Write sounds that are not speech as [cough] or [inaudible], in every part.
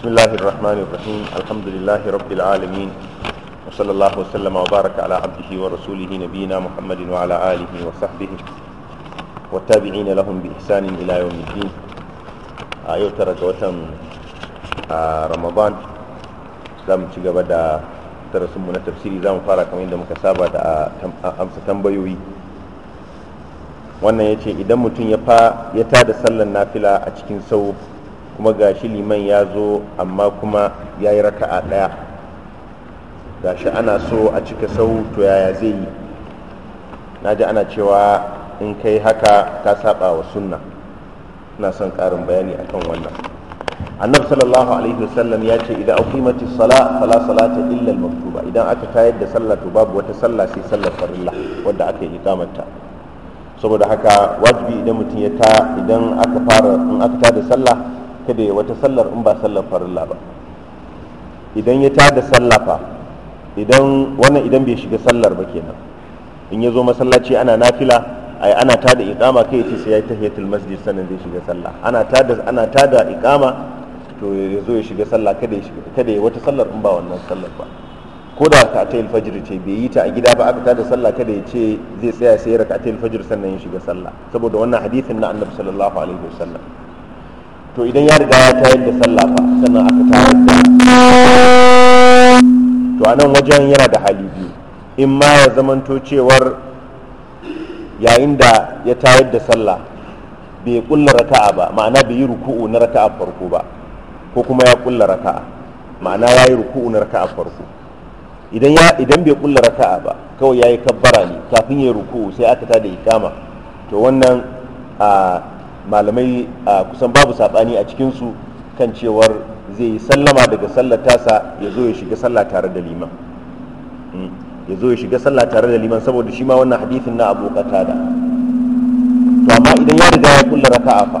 بسم الله الرحمن الرحيم الحمد لله رب العالمين وصلى الله وسلم وبارك على عبده ورسوله نبينا محمد وعلى آله وصحبه والتابعين لهم بإحسان إلى يوم الدين آيو ترك وتم رمضان زم تجب دا ترسمنا تفسيري زم فارك من دم كسابة أمس تنبيوي wannan ya ce idan mutum ya tada sallan nafila a cikin sau kuma gashi liman ya zo amma kuma ya yi raka'a ɗaya gashi ana so a cika sau to yaya zai yi na ji ana cewa in kai haka ka saba wa sunna ina son ƙarin bayani akan wannan annabi sallallahu alaihi wasallam ya ce idan aqimati sala fala salata Illal, maktuba idan aka tayar da sallah to babu wata sallah sai sallar farilla wadda aka yi ikamata saboda haka wajibi idan mutum ya ta idan aka fara in aka tada sallah kada ya wata sallar in ba sallar farilla ba idan ya tada sallafa idan wannan idan bai shiga sallar ba kenan in ya zo masallaci ana nafila ai ana ta da iqama kai ce sai ya tahiyatul masjid sannan zai shiga sallah ana da ana da iqama to ya zo ya shiga sallah kada ya shiga kada ya wata sallar in ba wannan sallar ba ko da ta fajr ce bai yi ta a gida ba aka da sallah kada ya ce zai tsaya sai ta fajr sannan ya shiga sallah saboda wannan hadisin na annabi sallallahu alaihi wasallam to idan ya riga ya tayar da sallah fa sannan aka tayar da to a nan wajen yana da hali biyu in ma ya zamanto cewar yayin da ya tayar da sallah bai kulla raka'a ba ma'ana bai yi ruku'u na raka'a farko ba ko kuma ya kulla raka'a ma'ana ya yi ruku'u na raka'a farko idan ya idan bai kulla raka'a ba kawai ya yi kabbara ne kafin ya ruku'u sai aka tada ikama to wannan a ah, malamai a kusan babu saɓani a cikinsu kan cewar zai yi sallama daga sallatasa tasa ya zo ya shiga sallah tare da liman hmm. ya zo ya shiga sallah tare da liman saboda shi ma wannan hadithin na abu qatada to amma idan ya riga ya kulla raka'a fa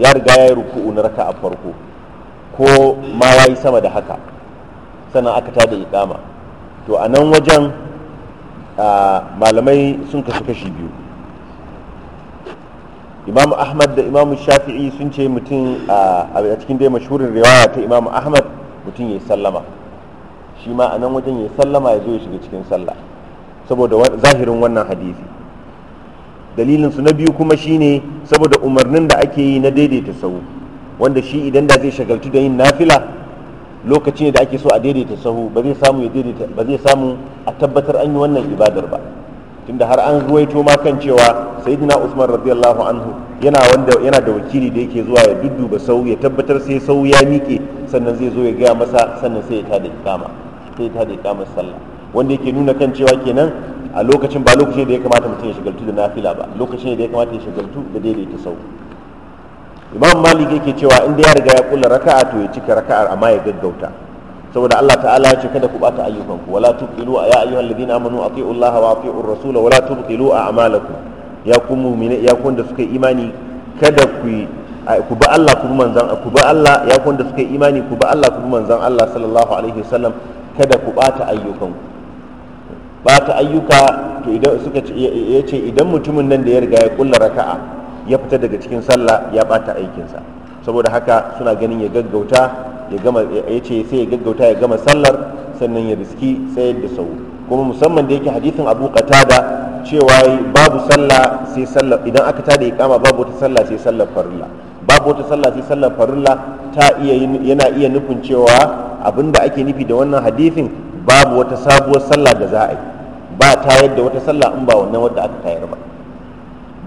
ya riga ya yi ruku'u na raka'a farko ko ma ya yi sama da haka sannan aka tada iqama to a nan wajen malamai sun kasu kashi biyu imamu ahmad da imamu shafi'i sun ce mutum a cikin dai mashhurin riwaya ta imamu ahmad mutum ya sallama shi ma a nan wajen ya sallama ya zo ya shiga cikin sallah saboda zahirin wannan hadisi dalilin su na biyu kuma shine saboda umarnin da ake yi na daidaita sahu wanda shi idan da zai shagaltu da yin nafila lokaci ne da ake so a daidaita sahu ba zai samu a tabbatar an yi wannan ibadar ba tunda har an ruwaito ma kan cewa sayyidina usman radiyallahu anhu yana wanda yana da wakili da yake zuwa ya dudduba sau ya tabbatar sai sau ya miƙe sannan zai zo ya gaya masa sannan sai ya tada ikama sai ya tada ikama sallah wanda yake nuna kan cewa kenan a lokacin ba lokacin da ya kamata mutum ya shigaltu da nafila ba lokacin da ya kamata ya shigaltu da daidaita sau imam malik yake cewa inda ya riga ya kula raka'a to ya cika raka'ar amma ya gaggauta saboda Allah ta'ala ya ce kada ku bata ayyukanku wala tubtilu ya ayyuhal ladina amanu atiiu Allah wa atiiu ar-rasul wala tubtilu a'malakum ya ku mu'mini ya ku wanda suka imani kada ku ku ba Allah ku manzan ku ba Allah ya ku wanda suka imani ku ba Allah ku manzan Allah sallallahu alaihi wasallam kada ku bata ayyukanku bata ayyuka to idan suka ce yace idan mutumin nan da ya riga ya kulla raka'a ya fita daga cikin sallah ya bata aikinsa saboda haka suna ganin ya gaggauta ya gama ya ce sai ya gaggauta ya gama sallar sannan ya riski tsayar da sau kuma musamman da yake hadisin abu qatada cewa babu sallah sai sallah idan aka tada kama babu wata sallah sai sallar farilla babu wata sallah sai sallar farilla ta iya yana iya nufin cewa abinda ake nufi da wannan hadisin babu wata sabuwar sallah da za a yi ba ta yadda wata sallah in ba wannan wadda aka tayar ba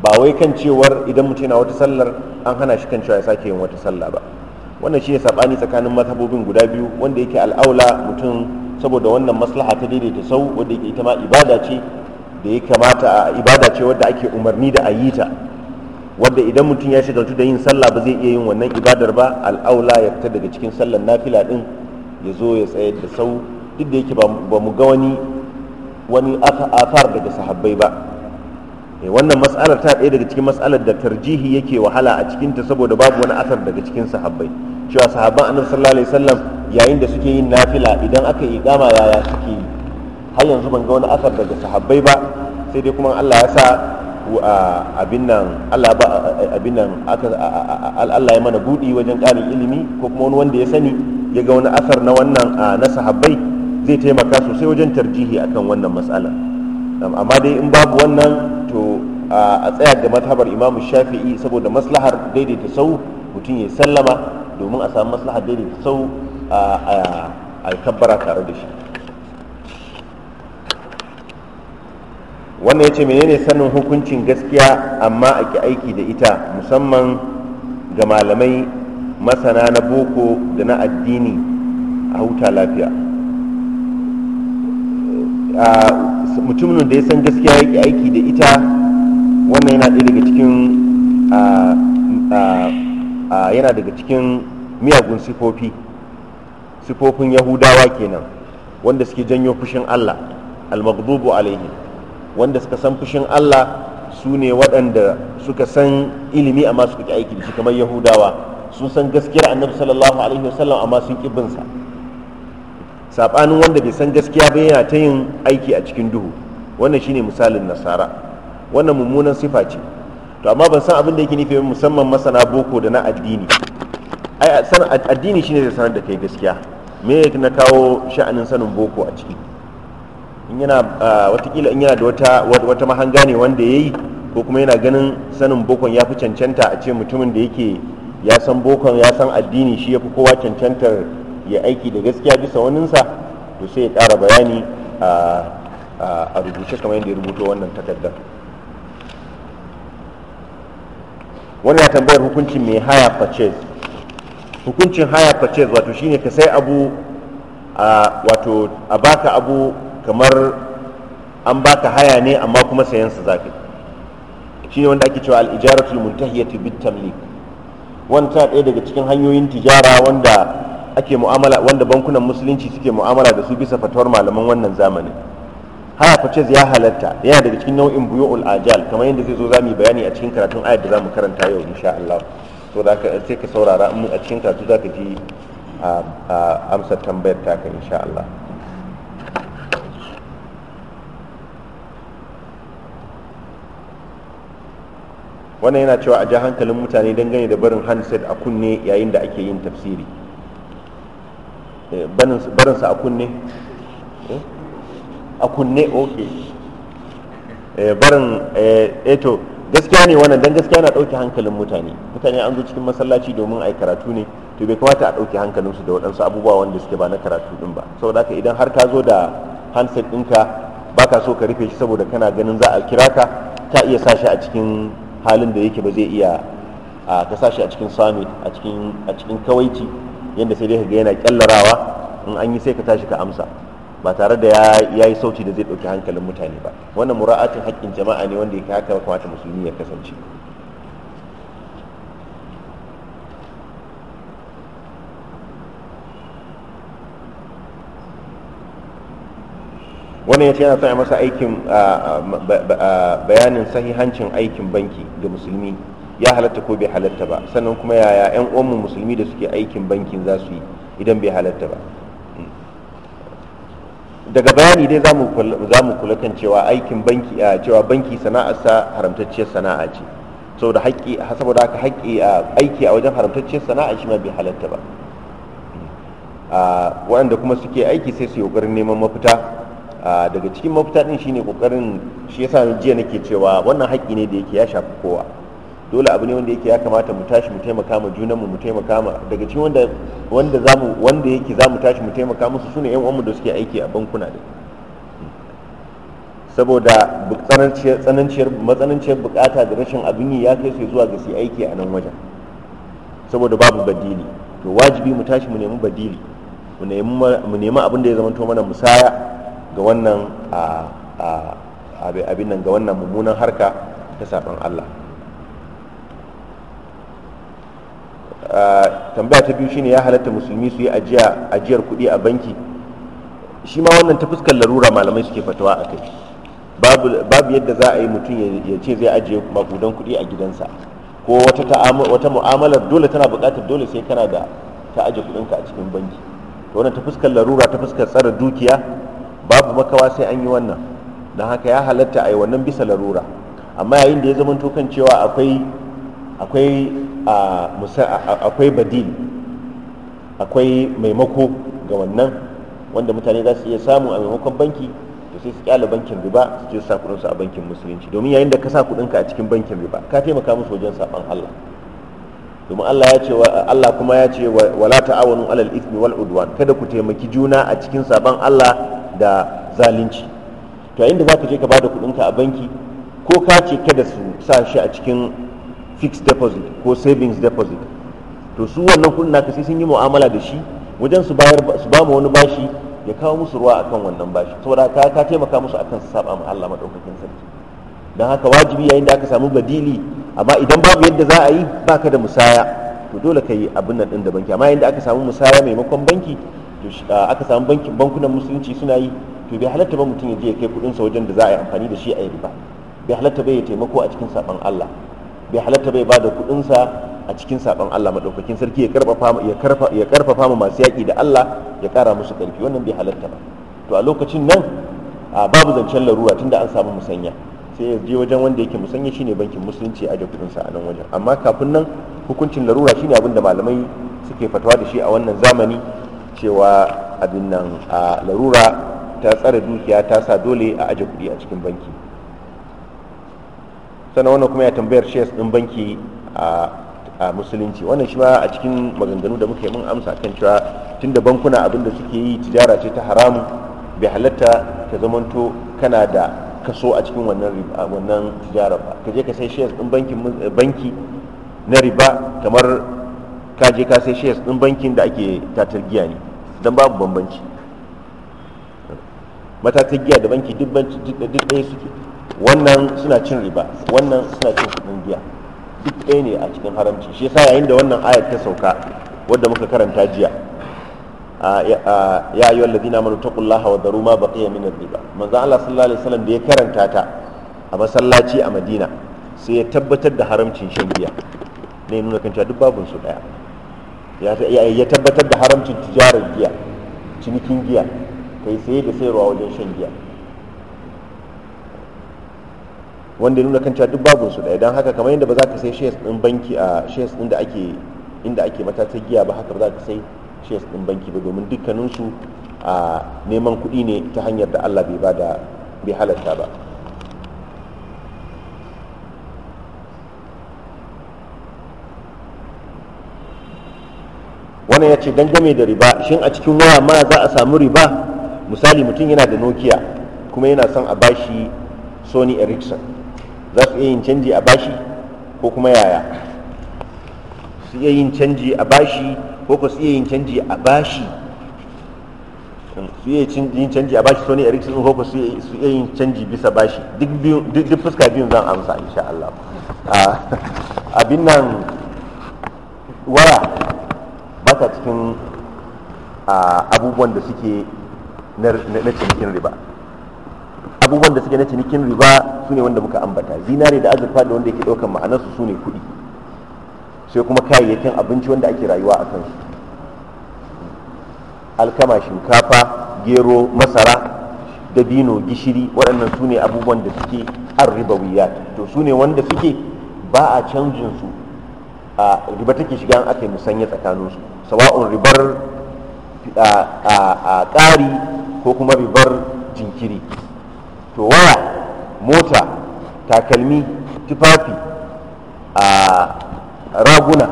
ba wai kan cewar idan mutum yana wata sallar an hana shi kan cewa ya sake yin wata sallah ba wannan shi ne saɓani tsakanin mazhabobin guda biyu wanda yake al'aula mutum saboda wannan maslaha ta daidaita sau wanda yake ita ma ibada ce da ya kamata a ibada ce wadda ake umarni da a yi ta wadda idan mutum ya shagaltu da yin sallah ba zai iya yin wannan ibadar ba al'aula ya fita daga cikin sallar nafila din ya zo ya tsayar da sau duk da yake ba mu ga wani wani afar daga sahabbai ba eh, wannan mas'alar ta ɗaya daga cikin mas'alar da tarjihi yake wahala a cikinta saboda babu wani asar daga cikin sahabbai cewa sahabban annabi sallallahu alaihi wasallam yayin da suke yin nafila idan aka yi kama yaya suke yi har yanzu ban ga wani asar daga sahabbai ba sai dai kuma Allah ya sa abin nan Allah uh, ba abin nan Allah ya mana budi wajen karin ilimi ko kuma wani wanda ya sani ya ga wani asar na wannan uh, na sahabbai zai taimaka sosai wajen tarjihi akan wannan matsala amma dai in babu wannan to uh, a tsaya da matabar imamu shafi'i saboda maslahar daidaita sau mutum ya sallama domin a samu maslaha daidai da sau a alkabara tare da shi wannan ya ce menene sanin hukuncin gaskiya amma a ki aiki da ita musamman ga malamai masana na boko da na addini a huta lafiya mutumin da ya san gaskiya ya ki aiki da ita wannan yana ɗaya daga cikin yana daga cikin miyagun sifofi sifofin yahudawa kenan wanda suke janyo fushin allah almaghdubu alaihi wanda suka san fushin allah su ne waɗanda suka san ilimi amma suka ƙi aiki da shi kamar yahudawa sun san gaskiyar annabi sallallahu alaihi wasallam amma sun ƙi binsa saɓanin wanda bai san gaskiya ba yana ta yin aiki a cikin duhu wannan shine misalin nasara wannan mummunan sifa ce to amma ban san abin da yake nufi musamman masana boko da na addini ai san addini shine zai sanar da kai gaskiya me yake na kawo sha'anin sanin boko a ciki in yana watakila in yana da wata wata mahanga ne wanda yayi ko kuma yana ganin sanin bokon ya fi cancanta a ce mutumin da yake ya san bokon ya san addini shi ya fi kowa cancantar ya aiki da gaskiya bisa waninsa to sai ya kara bayani a rubuce kamar yadda ya rubuto wannan takardar wani na tambayar hukuncin mai haya purchase hukuncin haya purchase wato shine ka sai abu a wato a baka abu kamar an baka haya ne amma kuma sayan su zaka shine wanda ake cewa al-ijaratul muntahiyatu bit-tamlik wannan ta ɗaya daga cikin hanyoyin tijara wanda ake mu'amala wanda bankunan musulunci suke mu'amala da su bisa fatawar malaman wannan zamani. haya fice ya halatta yana daga cikin nau'in buyu'ul ajal kamar yadda zai zo za bayani a cikin karatun ayat da za mu karanta yau insha Allah to da ka sai ka saurara a cikin karatu zaka ka ji amsar tambayar taka insha Allah wannan yana cewa a ja hankalin mutane dangane da barin handset a kunne yayin da ake yin tafsiri eh, barinsa a kunne a kunne oke eh, barin eto eh, eh, gaskiya ne wannan dan gaskiya na dauke hankalin mutane mutane an zo cikin masallaci domin a yi karatu ne to bai kamata a dauke ɗauke su da waɗansu abubuwa wanda suke ba na karatu ɗin ba saboda haka idan har ka zo da handset ɗinka ba ka so ka rufe shi saboda kana ganin za a kira ka ta iya sa shi a cikin halin da yake ba zai iya ka sa shi a cikin sami a cikin kawaici yanda sai dai ka ga yana kyallarawa in an yi sai ka tashi ka amsa ba tare da ya yi sauci da zai ɗauki hankalin mutane ba wannan mura'atin haƙƙin jama'a ne wanda ya haka kamata musulmi ya kasance wannan ya ce yana son masa aikin bayanin sahihancin aikin banki ga musulmi ya halatta ko bai halatta ba sannan kuma yaya 'yan uwanmu musulmi da suke aikin bankin za su yi idan bai halatta ba daga bayani dai za mu kula kan cewa aikin banki a cewa banki sana'arsa haramtacciyar sana'a ce saboda haƙƙi saboda haka haƙƙi a aiki a wajen haramtacciyar sana'a shi ma bai halatta ba waɗanda kuma suke aiki sai su yi neman mafita daga cikin mafita ɗin shine ƙoƙarin shi yasa jiya nake cewa wannan haƙƙi ne da yake ya shafi kowa dole abu ne wanda yake ya kamata mu tashi mu taimaka ma junanmu mu taimaka ma daga cikin wanda wanda zamu wanda yake zamu tashi mu taimaka musu sune yan uwanmu da suke aiki a bankuna da saboda tsananciyar matsananciyar bukata da rashin abin yi ya kai su zuwa ga su aiki a nan wajen saboda babu badili to wajibi mu tashi mu nemi badili mu nemi abin da ya zama mana musaya ga wannan abin nan ga wannan mummunan harka ta saɓan Allah tambaya ta biyu shine ya halatta musulmi su yi ajiyar kuɗi a banki shi ma wannan ta fuskar larura malamai suke fatawa a kai babu yadda za a yi mutum ya ce zai ajiye makudan kuɗi a gidansa ko wata mu'amalar dole tana buƙatar dole sai kana da ta aje kuɗinka a cikin banki to wannan ta fuskar larura ta fuskar tsara dukiya babu makawa sai an yi wannan don haka ya halatta a yi wannan bisa larura amma yayin da ya zama kan cewa akwai akwai akwai badil akwai maimako ga wannan wanda mutane za su iya samun a maimakon banki to sai su kyale bankin riba su je sa kudinsu a bankin musulunci domin yayin da ka sa kudinka a cikin bankin riba ka taimaka musu wajen saban Allah domin Allah ya ce Allah kuma ya ce wala ta'awunu alal ithmi wal udwan kada ku taimaki juna a cikin saban Allah da zalunci to yayin da zaka je ka bada kudinka a banki ko ka ce kada su sa shi a cikin fixed deposit ko savings deposit to su wannan kudin naka sai sun yi mu'amala da shi wajen su bayar su ba mu wani bashi ya kawo musu ruwa akan wannan bashi saboda ka ka taimaka musu akan su saba ma Allah madaukakin sarki dan haka wajibi yayin da aka samu badili amma idan babu yadda za a yi baka da musaya to dole ka yi abin nan din da banki amma yadda aka samu musaya maimakon banki to aka samu bankin bankunan musulunci suna yi to bai halatta ba mutum ya je ya kai kudin sa wajen da za a yi amfani da shi a yi riba bai halatta ba ya taimako a cikin saban Allah bai halatta bai ba da kuɗinsa a cikin sabon Allah madaukakin sarki ya karfafa mu masu yaki da Allah ya kara musu karfi wannan bai halatta ba to a lokacin nan babu zancen larura tunda an samu musanya sai ya je wajen wanda yake musanya shine bankin musulunci a kuɗinsa a nan wajen amma kafin nan hukuncin larura shine abin da malamai suke fatawa da shi a wannan zamani cewa abin nan a larura ta tsare dukiya ta sa dole a aje kuɗi a cikin banki sannan wannan kuma ya tambayar shares din banki a musulunci wannan shi ma a cikin maganganu da muka yi mun amsa kan cewa tunda bankuna abin da suke yi tijara ce ta haramu bai halatta ta zamanto kana da kaso a cikin wannan wannan tijara ba ka je ka sai shares din bankin banki na riba kamar ka je ka sai shares din bankin da ake tatargiya ne dan babu bambanci matatar giya da banki duk ɗaya suke wannan suna cin riba wannan suna cin kudin biya duk ɗaya ne a cikin haramci shi yasa yayin da wannan ayat ta sauka wadda muka karanta jiya ya ayyuhal ladina amanu taqullaha wa daru ma baqiya min riba manzo Allah sallallahu alaihi wasallam da ya karanta ta a masallaci a Madina sai ya tabbatar da haramcin shan giya ne nuna kan cewa duk babun su daya ya tabbatar da haramcin tijarar giya cinikin giya kai sai da sayarwa wajen shan giya wanda ya nuna kan cewa duk babu su ɗaya don haka kamar yadda ba za ka sai shares ɗin banki a shares ɗin da ake inda ake matata giya ba haka ba za ka sai shares ɗin banki ba domin dukkaninsu a neman kuɗi ne ta hanyar da Allah bai bada bai halatta ba wannan ya ce dangane da riba shin a cikin waya ma za a samu riba misali mutum yana da nokia kuma yana son a bashi sony ericsson za su iya yin canji a bashi ko kuma yaya su iya yin canji a bashi ko ko su iya yin canji a bashi su iya yin canji a bashi sony ericsson ko ko su iya yin canji bisa bashi duk fuska biyun zan amsa insha Allah abin nan waya ba ta cikin abubuwan da suke na cikin riba abubuwan da suke na cinikin riba su ne wanda muka ambata zinare da azurfa da wanda yake ɗaukar ma'anarsu su ne kuɗi sai kuma kayayyakin abinci wanda ake rayuwa a kansu alkama shinkafa gero masara dabino gishiri waɗannan su ne abubuwan da suke an riba to su ne wanda suke ba a canjin su a riba take shiga aka yi musanya su sawa'un ribar a ƙari ko kuma ribar jinkiri to waya mota takalmi tufafi a raguna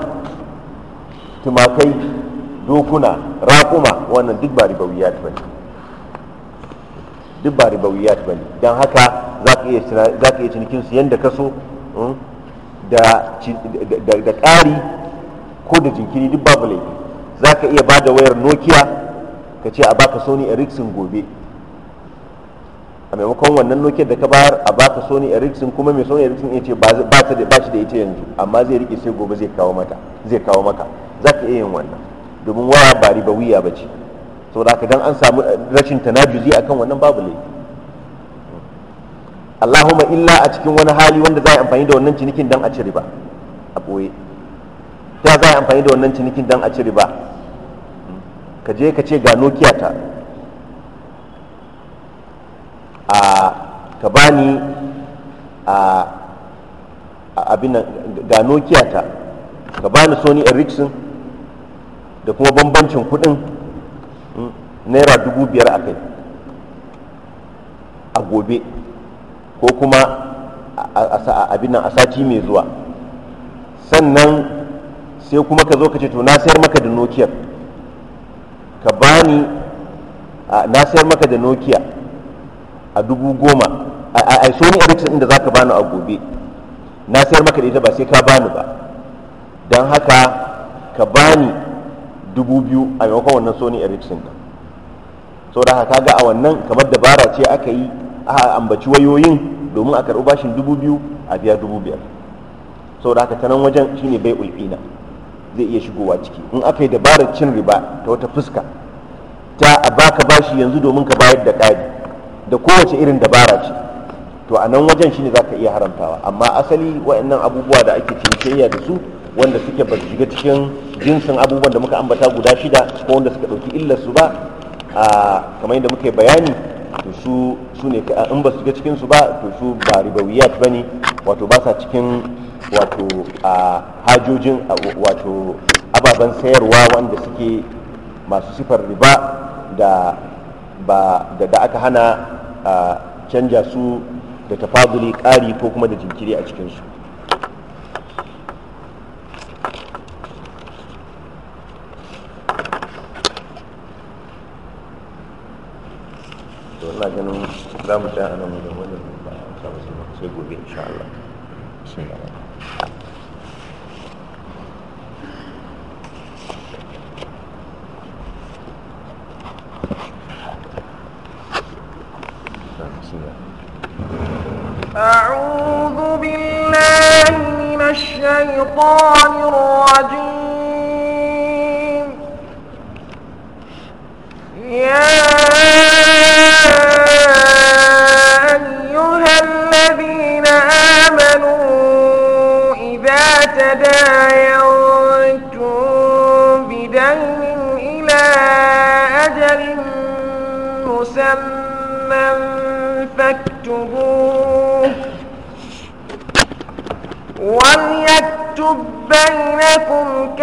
tumakai dokuna raƙuma wannan duk ba ribawiyat ba ne duk ba ribawiyat ba ne don haka za ka iya cinikinsu yadda ka so hmm, da ƙari ko da jinkiri duk babu laifi za ka iya ba da wayar nokia ka ce a baka sony ericsson gobe a maimakon wannan nokiyar da ka bayar a baka sony ericsson kuma mai sony ericsson ya ce ba ta da bashi da ita yanzu amma zai rike sai gobe zai kawo mata zai kawo maka za ka iya yin wannan domin waya ba riba wuya ba ce saboda haka dan an samu rashin tanajuzi akan wannan babu laifi Allahumma illa a cikin wani hali wanda za a amfani da wannan cinikin dan a ci riba a boye ta za a amfani da wannan cinikin dan a ci riba ka je ka ce ga nokiya ta ka ba ni a abin ga nokia ta ka bani sony ericsson da kuma bambancin kudin hmm, naira dubu biyar a kai a gobe ko kuma abin a sati mai zuwa sannan sai kuma ka zo ka ce to na sayar maka da nokia ka ni na sayar maka da nokia a dubu goma a soni ericsson inda za ka bani a gobe na sayar maka da ita ba sai ka bani ba don haka ka bani dubu biyu a maimakon wannan sony ericsson din so da haka ga a wannan kamar dabara ce aka yi a ambaci wayoyin domin a karɓi bashin dubu biyu a biya dubu biyar so da haka ta nan wajen shine bai ul'ina zai iya shigowa ciki in aka yi dabarar cin riba ta wata fuska ta a baka bashi yanzu domin ka bayar da ƙari da kowace irin dabara ce to a nan wajen shine zaka iya haramtawa amma asali waɗannan abubuwa da ake cinikayya da su wanda suke ba shiga cikin jinsin abubuwan da muka ambata guda shida ko wanda suka ɗauki illar su ba a kamar yadda muka bayani to su su ne in ba su shiga cikin su ba to su ba ba bane wato ba sa cikin wato a hajojin wato ababen sayarwa wanda suke masu sifar riba da ba da, aka hana canja su da tafaduli ƙari ko kuma da jinkiri a cikinsu ina ganin za mu ja a nan da wani ba a sai gobe insha Allah. الشیطان الرجیم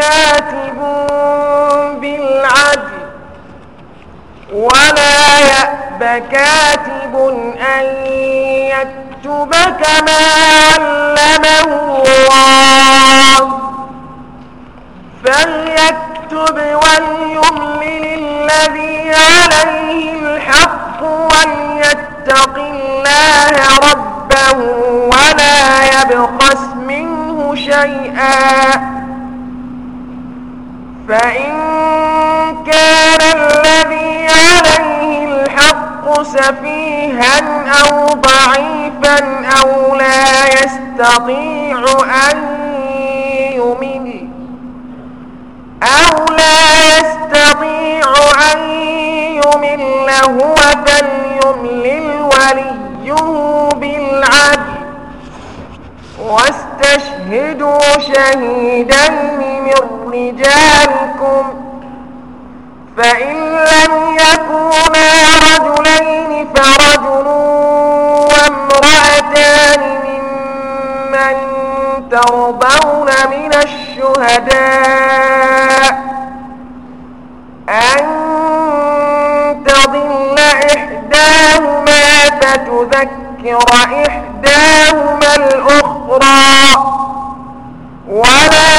كاتب بالعدل ولا يأب كاتب أن يكتب كما علمه الله فليكتب وليملل الذي عليه الحق وليتق الله ربه ولا يبخس منه شيئا فإن كان الذي عليه الحق سفيها أو ضعيفا أو لا يستطيع أن يمل أو لا يستطيع أن يمل هو فليملل وليه بالعدل واستشهدوا شهيدا من رجالكم فإن لم يكونا رجلين فرجل وامرأتان ممن ترضون من الشهداء أن تضل إحداهما فتذكر إحداهما الأخرى ولا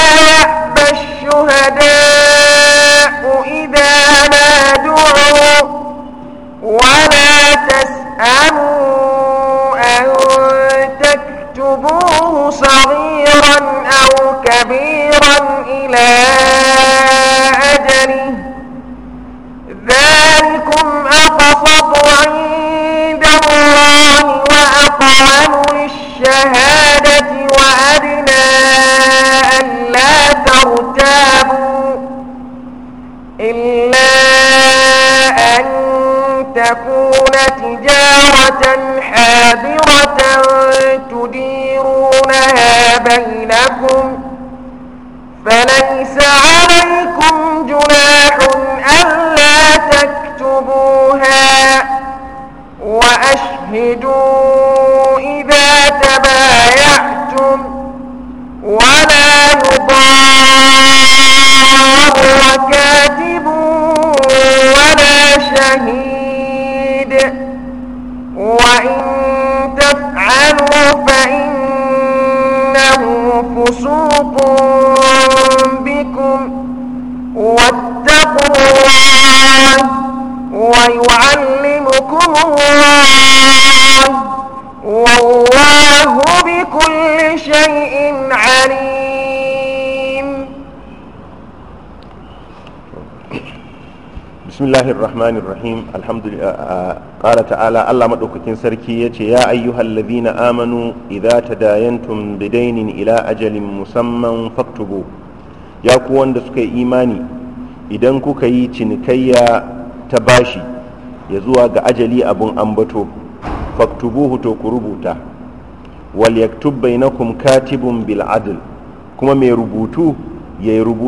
تكون rahmanir rahim alhamdulillah uh, uh, qala ta'ala Allah madaukakin sarki ya ce ya ayyuhallazina amanu idza tadayantum bidainin ila ajalin musamman faktubu ya ku wanda suka yi imani idan kuka yi cinikayya ta bashi ya zuwa ga ajali abun ambato faktubuhu to ku rubuta wal yaktub bainakum katibun bil kuma mai rubutu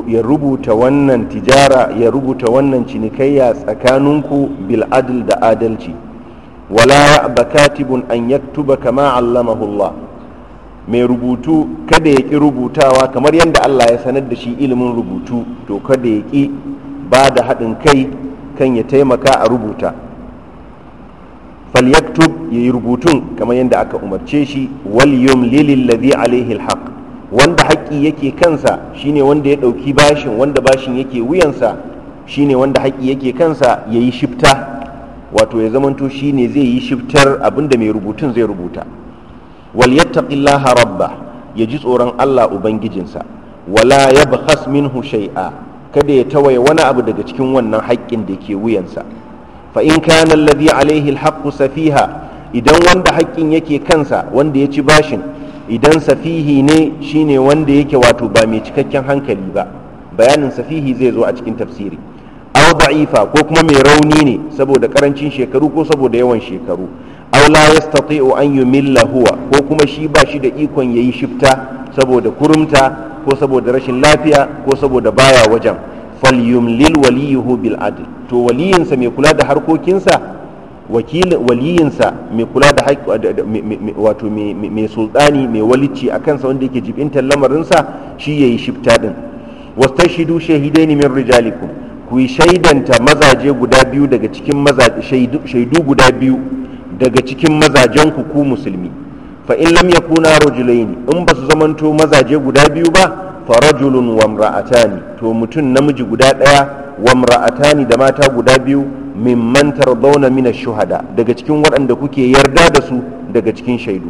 ya rubuta wannan tijara ya rubuta wannan cinikayya tsakaninku bil da adalci wala ba katibun an yaktuba kama allamahullah mai rubutu kada ya ƙi rubutawa kamar yadda Allah ya sanar da shi ilimin rubutu to kada ya ƙi ba da haɗin kai kan ya taimaka a rubuta falyaktub ya yi rubutun kamar yadda aka umarce shi wal yumlilil ladhi alaihi alhaq wanda haƙƙi yake kansa shine wanda ya ɗauki bashin wanda bashin yake wuyansa shine wanda haƙƙi yake kansa ya yi shifta wato ya zamanto shine zai yi shiftar da mai rubutun zai rubuta wal yattaqillaha rabba ya ji tsoron Allah ubangijinsa wala yabkhas minhu shay'a kada ya tawaye wani abu daga cikin wannan haƙƙin da ke wuyansa fa in kana alladhi alaihi alhaqqu safiha idan wanda haƙƙin yake kansa wanda ya ci bashin idan safihi ne shine wanda yake wato ba mai cikakken hankali ba bayanin safihi zai zo a cikin tafsiri aw da'ifa ko kuma mai rauni ne saboda karancin shekaru ko saboda yawan shekaru aw la yastati'u an yumilla huwa ko kuma shi ba shi da ikon yayi shifta saboda kurumta ko saboda rashin lafiya ko saboda baya wajen falyumlil waliyuhu bil adl to waliyinsa mai kula da harkokinsa wakilin waliyinsa mai kula da haƙƙi wato mai sultani mai walici a kansa wanda yake jibintar lamarinsa shi ya yi shifta ɗin shahidai ne min rijalikum ku yi shaidanta mazaje guda biyu daga cikin shaidu guda biyu daga cikin mazajen ku ku musulmi fa in lam yakuna ne in ba su zamanto mazaje guda biyu ba farajulun rajulun wa to mutum namiji guda ɗaya wa imra'atani da mata guda biyu mimman tardawna min ash-shuhada daga cikin waɗanda kuke yarda da su daga cikin shaidu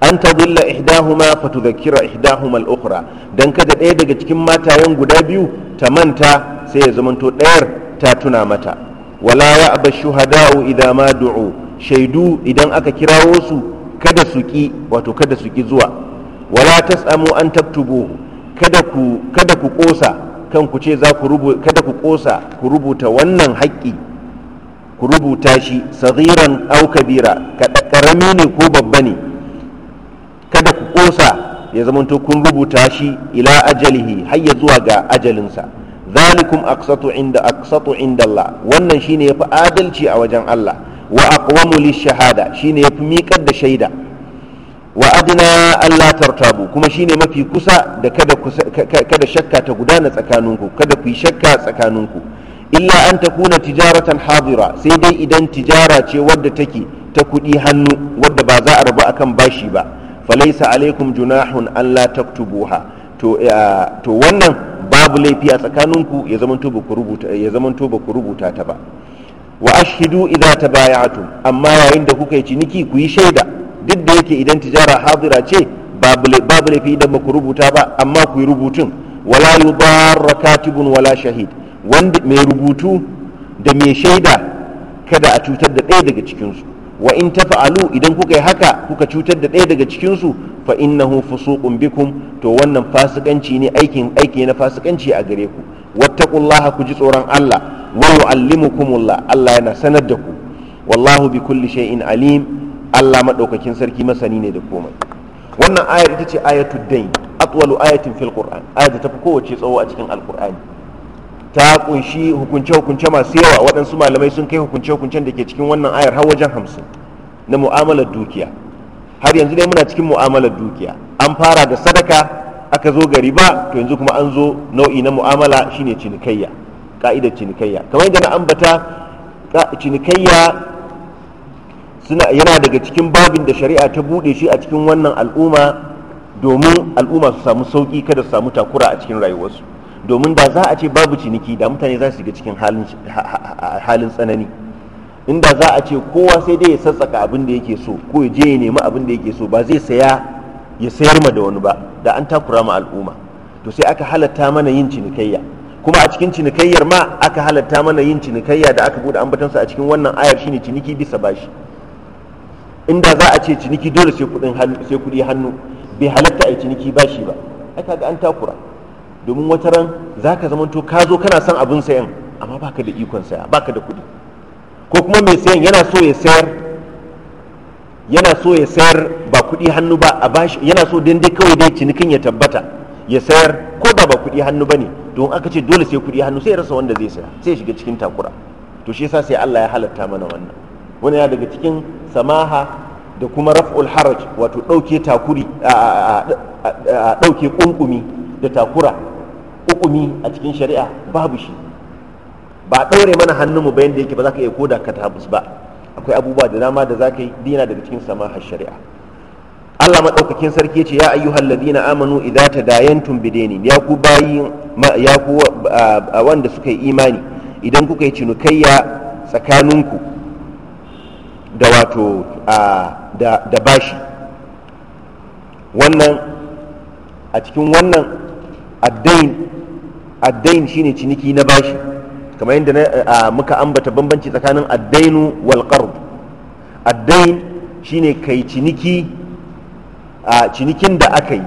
an tadilla ihdahuma fatudhakkira ihdahuma al-ukhra dan kada ɗaya daga cikin matayen guda biyu ta manta sai ya zamanto ɗayar ta tuna mata wala ya'ba ash-shuhada'u idha ma du'u shaidu idan aka kirawo su kada su ki wato kada su ki zuwa wala tas'amu an taktubuhu kada ku kada ku kosa kan ce za ku rubuta kada ku kosa ku rubuta wannan haƙƙi ku rubuta shi saghiran aw kabira karami ne ko babba ne kada ku kosa ya zamanto kun rubuta shi ila ajalihi har zuwa ga ajalinsa zalikum aqsatu inda aqsatu inda Allah wannan shine yafi adalci a wajen Allah wa aqwamu lish shahada shine yafi miƙar da shaida wa adna Allah tartabu kuma shine mafi kusa da kada kada shakka ta gudana tsakaninku kada ku yi shakka tsakaninku illa an takuna tijaratan hadira sai dai idan tijara ce wadda take ta kudi hannu wadda ba za a rabu akan bashi ba falaisa alaikum junahun Allah taktubuha to to wannan babu laifi a tsakaninku ya zamanto ba ku rubuta ya ba ku rubuta ta ba wa ashhidu idza tabaya'tum amma yayin da kuka yi ciniki ku yi shaida duk da yake idan tijara hadira ce babu laifi idan ba ku rubuta ba amma ku yi rubutun wala barra katibun wala shahid wanda mai rubutu da mai shaida kada a cutar da ɗaya daga cikinsu wa in tafa'alu idan kuka yi haka kuka cutar da ɗaya daga cikinsu fa innahu fusuqun bikum to wannan fasikanci ne aikin aiki na fasikanci a gare ku wattaqullaha ku ji tsoron Allah wa yu'allimukumullah Allah yana sanar da ku wallahu bi kulli shay'in alim Allah maɗaukakin sarki masani ne da komai wannan ayar ita ce ayatu dain atwalu ayatin fil qur'an ayar da fi kowace tsawo a cikin alqur'ani ta ƙunshi hukunce hukunce masu yawa waɗansu malamai sun kai hukunce hukuncen da ke cikin wannan ayar har wajen hamsin na mu'amalar dukiya har yanzu dai muna cikin mu'amalar dukiya an fara da sadaka aka zo gari ba to yanzu kuma an zo nau'i na mu'amala shine cinikayya ka'idar cinikayya kamar yadda na ambata cinikayya yana daga cikin babin da shari'a ta bude shi a cikin wannan al'umma domin al'umma su samu sauki kada su samu takura a cikin rayuwarsu domin da za a ce babu ciniki da mutane za su shiga cikin halin tsanani inda za a ce kowa sai dai ya sassaka abin da yake so ko ya je ya nemi abin da yake so ba zai saya ya sayar ma da wani ba da an takura ma al'umma to sai aka halatta mana yin cinikayya kuma a cikin cinikayyar ma aka halatta mana yin cinikayya da aka bude ambatansa a cikin wannan ayar shine ciniki bisa bashi inda za a ce ciniki dole sai kudin sai kudi hannu bai halatta ai ciniki ba shi ba ai kaga an takura domin wata ran zaka to ka zo kana son abin sayan amma baka da ikon saya baka da kudi ko kuma mai sayan yana so ya sayar yana so ya sayar ba kudi hannu ba a bashi yana so dai kawai dai cinikin ya tabbata ya sayar ko da ba kudi hannu bane don aka ce dole sai kudi hannu sai ya rasa wanda zai saya sai ya shiga cikin takura to shi yasa sai Allah ya halatta mana wannan wani yana daga cikin samaha da kuma raf'ul haraj wato ɗauke takuri a ɗauke ƙunƙumi da takura ƙunƙumi a cikin shari'a babu shi ba a ɗaure mana hannunmu ba yadda yake ba za ka iya koda ka tabus ba akwai abubuwa da dama da za ka yi dina daga cikin samaha shari'a Allah maɗaukakin sarki ce ya ayyuhal ladina amanu idza tadayantum bidaini ya ku bayi ya ku wanda suka yi imani idan kuka yi cinikayya tsakaninku da wato da bashi wannan a cikin wannan addain addain shine ciniki na bashi kamar yadda muka ambata bambanci tsakanin addainu wal qard addain shine kai ciniki a cinikin da aka yi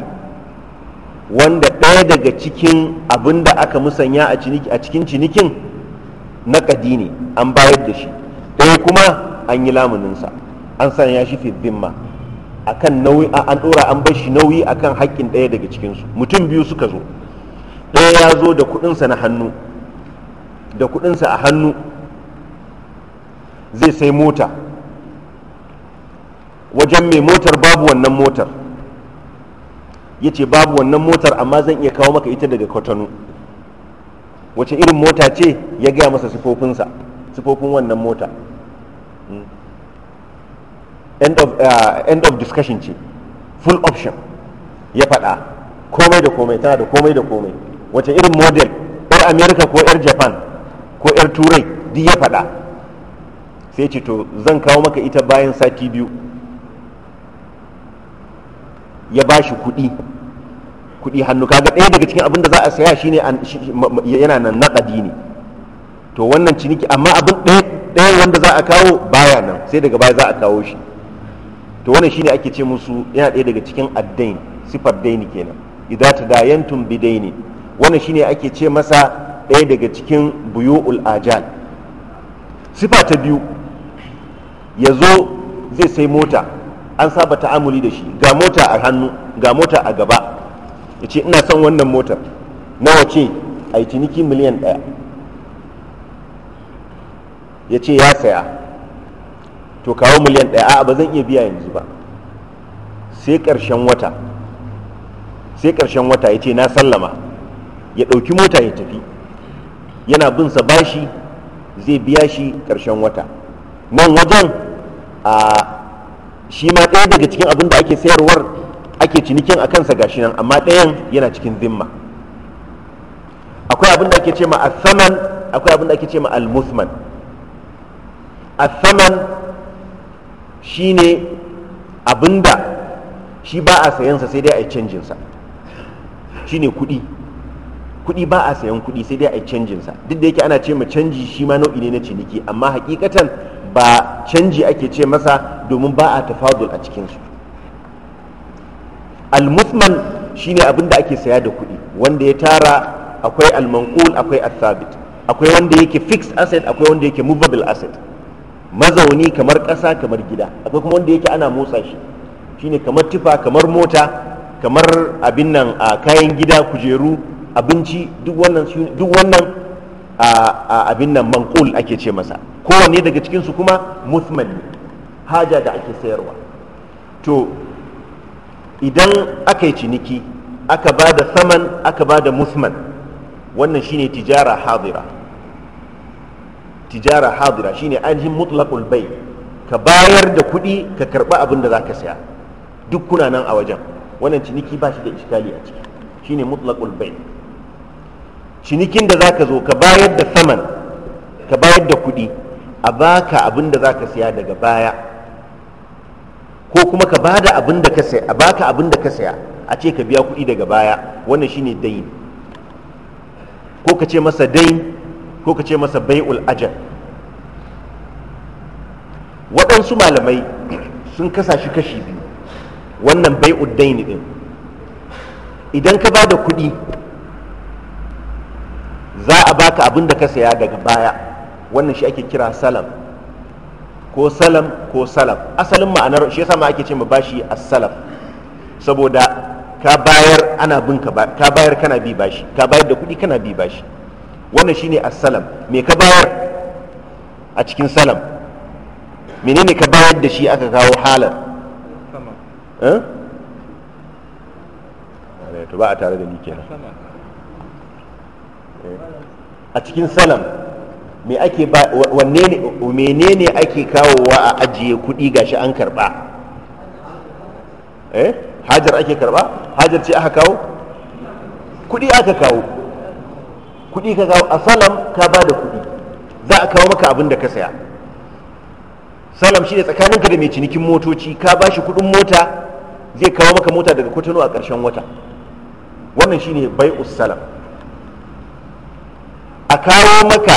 wanda ɗaya daga cikin abin da aka musanya a cikin cinikin na ƙadi ne an bayar da shi ɗaya kuma an yi lamuninsa an sanya shi fi a kan nauyi an dora an bar shi nauyi kan haƙƙin ɗaya daga cikinsu mutum biyu suka zo ɗaya ya zo da kuɗinsa na hannu da kuɗinsa a hannu zai sai mota wajen mai motar babu wannan motar ya ce babu wannan motar amma zan iya kawo maka ita daga kwatano wace irin mota ce ya gaya masa sifofinsa sifofin wannan mota end of, uh, end of discussion ce full option ya faɗa komai da komai tana da komai da komai wace irin model yar america ko yar japan ko yar turai duk ya faɗa sai ce to zan kawo maka ita bayan sati biyu ya ba shi kuɗi kuɗi hannu kaga ɗaya daga cikin abin da za a saya shine yana nan naƙadi ne to wannan ciniki amma abin ɗaya ɗaya wanda za a kawo baya nan sai daga baya za a kawo shi to wannan shine ake ce musu yana ɗaya daga cikin addain sifar daini kenan idan ta dayantum daini wannan shine ake ce masa ɗaya daga cikin buyu'ul ajal sifa ta biyu ya zo zai sai mota an saba ta'amuli da shi ga mota a hannu ga mota a gaba yace ina son wannan motar nawa ce a ciniki miliyan ɗaya ya ce ya saya to kawo miliyan ɗaya a'a ba iya biya yanzu ba sai ƙarshen wata sai ƙarshen wata ya ce na sallama ya ɗauki mota ya tafi yana bin sa bashi zai biya shi ƙarshen wata nan wajen a shi ma ɗaya daga cikin abin da ake sayarwar ake cinikin a kansa gashi nan amma ɗayan yana cikin zimma akwai abin da ake ce ma al-saman akwai abin da ake ce ma almusman asaman shine abinda shi ba a sayansa sai dai a yi canjinsa shi ne kuɗi kuɗi ba a sayan kuɗi sai dai a yi canjinsa duk da yake ana ce ma canji shi ma nau'i ne na ciniki amma hakikatan ba canji ake ce masa domin ba a tafadul a cikinsu al-musman ne abin da ake saya da kuɗi wanda ya tara akwai al-manqul akwai al-thabit akwai wanda yake fixed asset akwai wanda yake movable asset mazauni kamar ƙasa kamar gida akwai kuma wanda yake ana motsa shi shine kamar tufa kamar mota kamar abin nan a kayan gida kujeru abinci duk wannan abin nan mankul ake ce masa kowanne daga cikinsu kuma muthman haja da ake sayarwa to idan aka yi ciniki aka ba da saman aka ba da musman wannan shine tijara hadira tijara hadira shine ainihin mutlaqul bai ka bayar da kuɗi ka karɓa abin da zaka saya duk kuna nan a wajen wannan ciniki ba shi da iskali a ciki shine mutlaqul bai cinikin da zaka zo ka bayar da saman ka bayar da kuɗi a baka abin da zaka saya daga baya ko kuma ka bada abin da ka saya a baka abin da ka saya a ce ka biya kuɗi daga baya wannan shine dain ko ka ce masa dain ko ka ce masa bai'ul ajal waɗansu malamai sun kasa shi kashi biyu wannan bai'ul daini ɗin idan ka ba da kuɗi za a baka abin da ka saya daga baya wannan shi ake kira salam ko salam ko salam asalin ma'anar shi yasa ma ake ce ma bashi as salam saboda ka bayar ana bin ka bayar kana bi bashi ka bayar da kuɗi kana bi bashi wannan shine a salam me ka bayar a cikin salam menene ka bayar da shi aka kawo halar eh? ba a tare da ni kenan eh. a cikin salam me ake ba wanne ne menene ake kawowa a ajiye kuɗi gashi an karba eh hajar ake karba hajar ce aka kawo kuɗi aka kawo kuɗi ka kawo a salam ka ba da kuɗi za a kawo maka abin da ka saya salam shi ne tsakaninka da mai cinikin motoci ka ba shi kuɗin mota zai kawo maka mota daga kwatano a ƙarshen wata wannan shi ne bai salam a kawo maka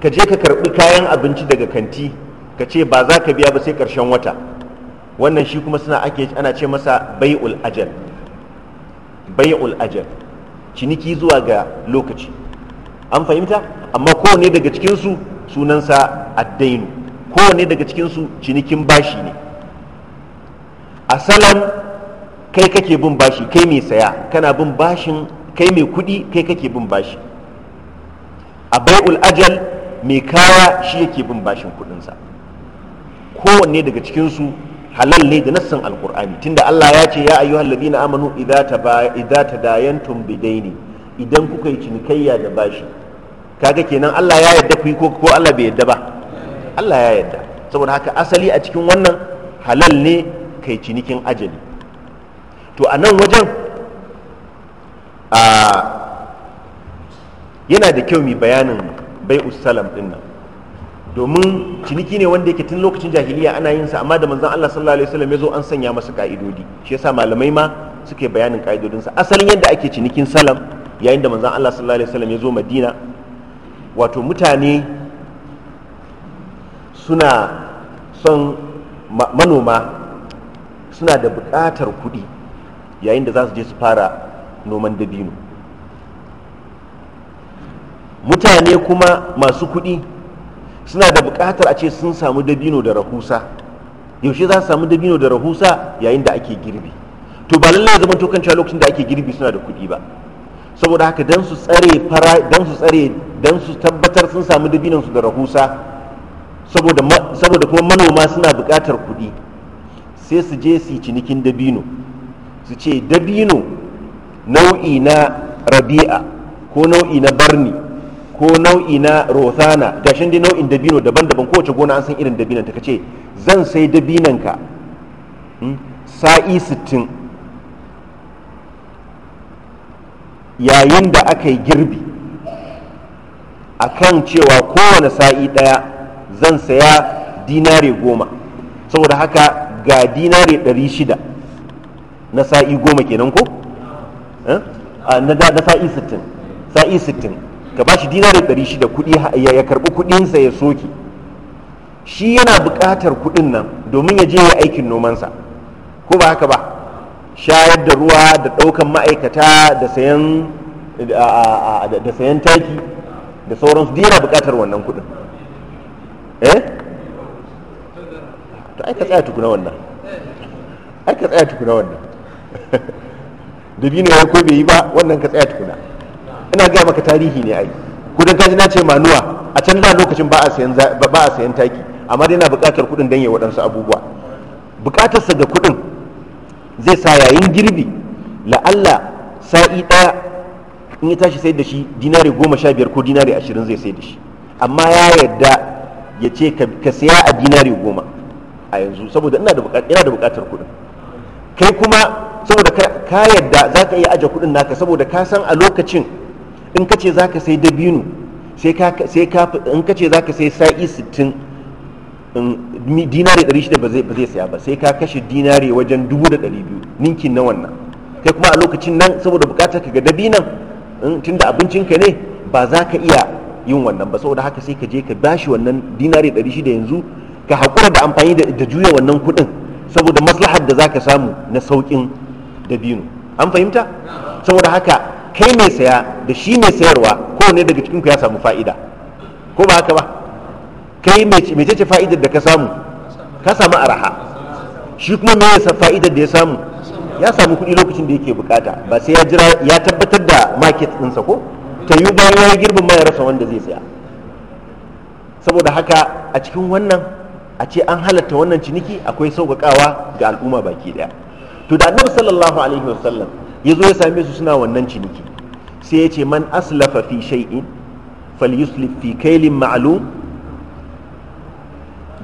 ka je ka karɓi kayan abinci daga kanti ka ce ba za ka biya ba sai ƙarshen wata wannan shi kuma suna ake ana ce masa bai'ul ajal bai'ul ajal ciniki zuwa ga lokaci an fahimta amma kowane daga cikinsu sunansa addainu kowane daga cikinsu cinikin bashi ne salon kai kake bin bashi kai mai saya kana bin bashin kai mai kudi kai kake bin bashi a bai'ul ajal mai kaya shi yake bin bashin kudinsa kowanne daga cikinsu halal ne da nassan alkur'ani tunda Allah ya ce ya ayyuhal ladina amanu idza idza tadayantum bidaini idan kuka yi cinikayya da bashi kaga kenan Allah ya yarda ku ko ko Allah bai yarda ba Allah ya yarda saboda haka asali a cikin wannan halal ne kai cinikin ajali to a nan wajen a yana da kyau mai bayanin bai usalam din domin ciniki ne wanda yake tun lokacin jahiliya ana yin sa amma da manzon Allah sallallahu alaihi wasallam ya zo an sanya masa ka'idodi shi yasa malamai ma suke bayanin ka'idodin sa asalin yadda ake cinikin salam yayin da manzon Allah sallallahu alaihi wasallam ya zo Madina wato mutane suna son manoma suna da buƙatar kuɗi yayin da za su je su fara noman dabino mutane kuma masu kuɗi suna da buƙatar a ce sun samu dabino da rahusa yaushe za su samu dabino da rahusa yayin da ake girbi to ba lallai zama to kancewa lokacin da ake girbi suna da kuɗi ba saboda haka dan su tsare fara dan su tsare dan su tabbatar sun samu dabinon su da rahusa saboda saboda kuma manoma suna buƙatar kuɗi sai su je su yi cinikin dabino su ce dabino nau'i na rabi'a ko nau'i na barni ko nau'i na rosana shi dai nau'in dabino daban-daban kowace gona an san irin dabinan ta kace zan sai dabinan ka hmm, sa'i sittin yayin da aka yi girbi a kan cewa kowane sa'i ɗaya zan saya dinare goma saboda haka ga dinare ɗari shida na sa'i goma kenan ko? Eh? Ah, na sa'i 60 sa'i sittin ka ba shi dinar ɗari shida kuɗi ya karɓi kuɗinsa ya soke shi yana buƙatar kuɗin nan domin ya je ya aikin nomansa ko ba haka ba shayar da ruwa da ɗaukan ma'aikata da sayan da sayan taki da sauransu duk yana buƙatar wannan kuɗin eh to ai ka tsaya tukuna wannan ai ka tsaya tukuna wannan [laughs] dabino ya ko bai yi ba wannan ka tsaya tukuna ina gaya maka tarihi ne ai kudin kaji na ce manuwa a can da lokacin ba a sayan ba a sayan taki amma dai yana buƙatar kudin dan ya waɗansu abubuwa buƙatarsa ga kudin zai sa yayin girbi la'alla sa'i ɗaya in ya tashi sayar da shi dinari goma sha biyar ko dinari ashirin zai sayar da shi amma ya yarda ya ce ka saya a dinari goma a yanzu saboda ina da buƙatar kuɗin kai kuma saboda ka yarda za ka iya aje kuɗin naka saboda ka san a lokacin in ka ce za ka sai dabino sai ka in ka ce za ka sai sa'i sittin dinari 600 shida ba zai saya ba sai ka kashe dinari wajen dubu da biyu ninkin na wannan kai kuma a lokacin nan saboda bukatar ka ga dabinan tun da abincinka ne ba za ka iya yin wannan ba saboda haka sai ka je ka bashi wannan dinari 600 shida yanzu ka haƙura da amfani da juya wannan kuɗin saboda maslahar da za ka samu na sauƙin dabino an fahimta saboda haka kai mai saya da shi mai sayarwa kowane daga cikin ku ya samu fa'ida ko ba haka ba kai mai ce fa'idar da ka samu ka samu araha shi kuma me yasa fa'idar da ya samu ya samu kuɗi lokacin da yake bukata ba sai ya jira ya tabbatar da market sa ko ta yi bayan ya girbin ma ya rasa wanda zai saya saboda haka a cikin wannan a ce an halatta wannan ciniki akwai sauƙaƙawa ga al'umma baki ɗaya to da annabi sallallahu alaihi wasallam ya zo ya same su suna wannan ciniki sai ya ce man aslafa fi shay'in fi kailin ma'lum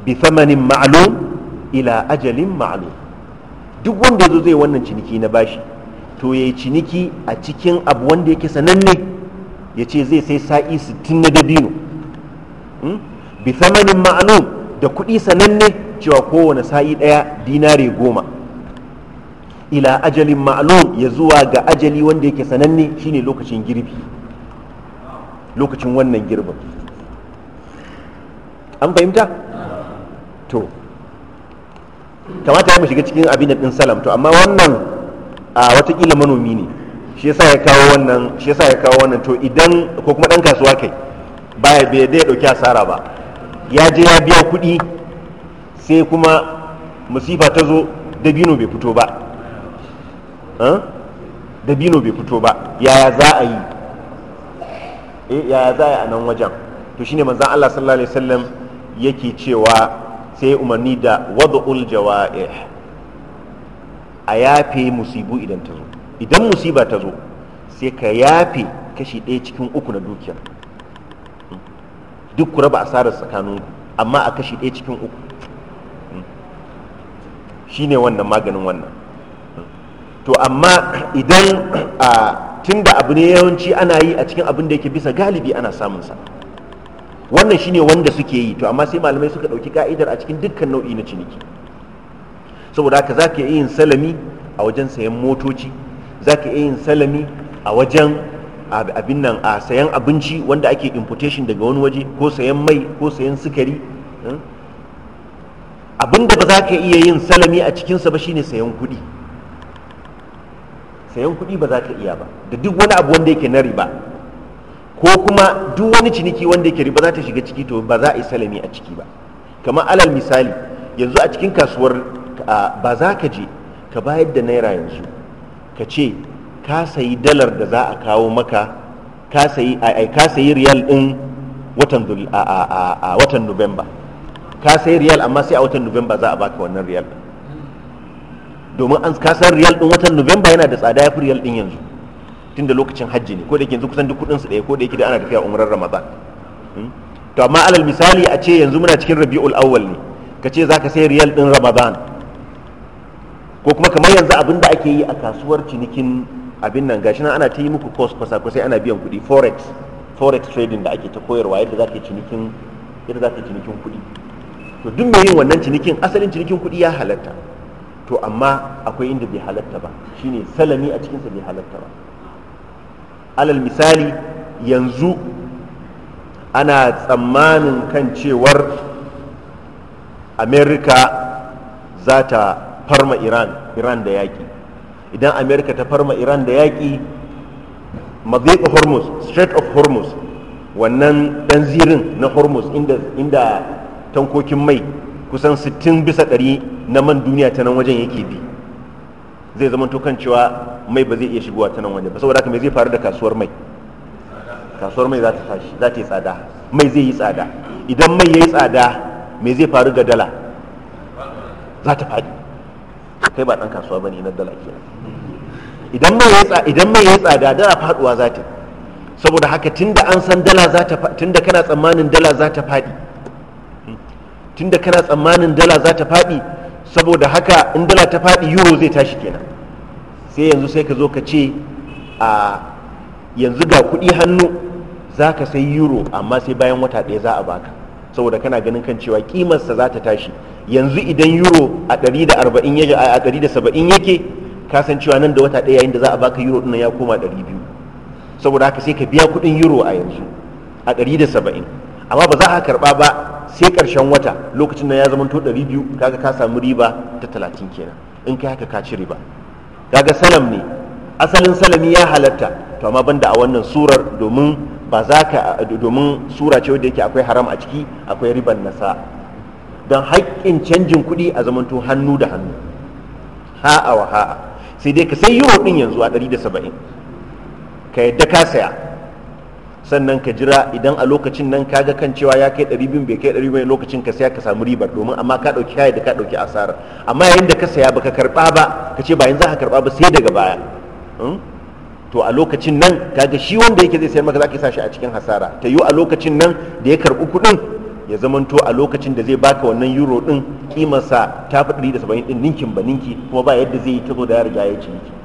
bi famanin ma'lum ila ajalin ma'lum duk wanda ya zo zai wannan ciniki na bashi to ya yi ciniki a cikin abu wanda yake sananne ya ce zai sai sa'i sittin na dabino hmm? bi famanin ma'lum da kuɗi sananne cewa kowane sa'i ɗaya dinare goma ila ajalin ma'lum ya zuwa ga ajali wanda yake sananne shine lokacin girbi lokacin wannan girbin an fahimta to kamata ya mu shiga cikin abin din salam to amma wannan a watakila manomi ne shi yasa ya kawo ya kawo wannan to idan ko kuma dan kasuwa kai baya bai dai dauki asara ba ya je ya biya kuɗi sai kuma musifa ta zo dabino bai fito ba dabino bai fito ba yaya za a yi eh, yaya za a yi a nan wajen to shine mazan Allah sallallahu alaihi wasallam yake cewa sai umarni da wad'ul jawa'ih a yafe musibu idan ta zo idan musiba ta zo sai ka yafe kashi ɗaya cikin uku na dukiyar duk ku raba asarar tsakaninku amma a kashi ɗaya cikin uku hmm. shine wannan maganin wannan to amma idan tun da abu ne yawanci ana yi a cikin abin da yake bisa galibi ana samun sa wannan shine wanda suke yi to amma sai malamai suka ɗauki ka'idar a cikin dukkan nau'i na ciniki saboda haka za ka iya yin salami a wajen sayan motoci za ka iya yin salami a wajen abin nan a sayan abinci wanda ake importation daga wani waje ko sayan mai ko sayan sukari hmm? abin da ba za ka iya yin salami a cikinsa ba shine sayan kuɗi sayan kuɗi ba za ka iya ba da duk wani abu wanda yake na riba ko kuma duk wani ciniki wanda yake riba za ta shiga ciki to ba za a yi salami a ciki ba kamar alal misali yanzu a cikin kasuwar ba za ka je ka bayar da naira yanzu ka ce ka sayi dalar da za a kawo maka ka sayi riyal ɗin watan nuwamba ka sayi riyal amma sai a watan nuwamba za a baka wannan riyal domin an kasar riyal din watan november yana da tsada ya fi riyal din yanzu tun da lokacin hajji ne ko da yanzu kusan duk kudin su ɗaya ko da yake da ana tafiya umrar ramadan hmm? to amma alal misali a ce yanzu muna cikin rabi'ul awwal ne ka ce zaka sai riyal din ramadan ko kuma kamar yanzu abin da ake yi a kasuwar cinikin abin nan gashi nan ana ta yi muku course kwasa sai ana biyan kuɗi forex forex trading da ake ta koyarwa yadda ka yi cinikin yadda ka yi cinikin kuɗi to duk mai yin wannan cinikin asalin cinikin kuɗi ya halatta to amma akwai inda bai halatta ba shine salami a cikinsa bai halatta ba alal misali yanzu ana tsammanin kan cewar amerika za ta farma iran iran da yaƙi idan amerika ta farma iran da yaƙi mazik hormuz strait of hormuz wannan ɗan zirin na hormuz inda, tankokin mai kusan 60 bisa ɗari. na man duniya ta nan wajen yake bi zai zama to kan cewa mai ba zai iya shigowa ta nan wajen ba saboda haka mai zai faru da kasuwar mai kasuwar mai za ta tashi za ta yi tsada mai zai yi tsada idan mai yayi tsada mai zai faru ga dala za ta faɗi kai ba ɗan kasuwa bane na dala kenan idan mai yayi tsada idan mai yayi tsada dala faduwa za ta saboda haka tunda an san dala za ta tunda kana tsammanin dala za ta faɗi tunda kana tsammanin dala za ta faɗi saboda haka in dala ta faɗi euro zai tashi kenan sai yanzu sai ka zo ka ce a yanzu ga kuɗi hannu za ka sai euro amma sai bayan wata ɗaya za a baka saboda kana ganin kan cewa kimarsa za ta tashi yanzu idan euro a 170 yake cewa nan da wata ɗaya yayin da za a baka euro ɗin ya koma 200 saboda haka sai ka biya kuɗin euro a yanzu a 170 amma ba za a karɓa ba sai karshen wata lokacin nan ya zama to biyu kaga ka samu riba ta talatin kenan in kai haka ka ci riba kaga salam ne asalin salami ya halatta to amma banda a wannan surar domin ba za ka domin sura ce wadda yake akwai haram a ciki akwai riban nasa don haƙƙin canjin kuɗi a zamanto hannu da hannu ha'a wa ha'a sai dai ka sai euro ɗin yanzu a 170 ka yadda ka saya sannan ka jira idan a lokacin nan ka ga kan cewa ya kai ɗari biyu bai kai ɗari biyu lokacin ka saya ka samu ribar domin amma ka ɗauki haya da ka ɗauki asarar amma yayin da ka saya ba ka karɓa ba ka ce ba za ka karɓa ba sai daga baya hmm? to a lokacin nan ka ga shi wanda yake zai sayar maka ka sa shi a cikin hasara ta yiwu a lokacin nan da ya karɓi kuɗin ya zamanto a lokacin da zai baka wannan euro ɗin kimarsa ta fi ɗari da saba'in ɗin ninkin ba ninki kuma ba yadda zai yi ta zo da ya riga ya ciniki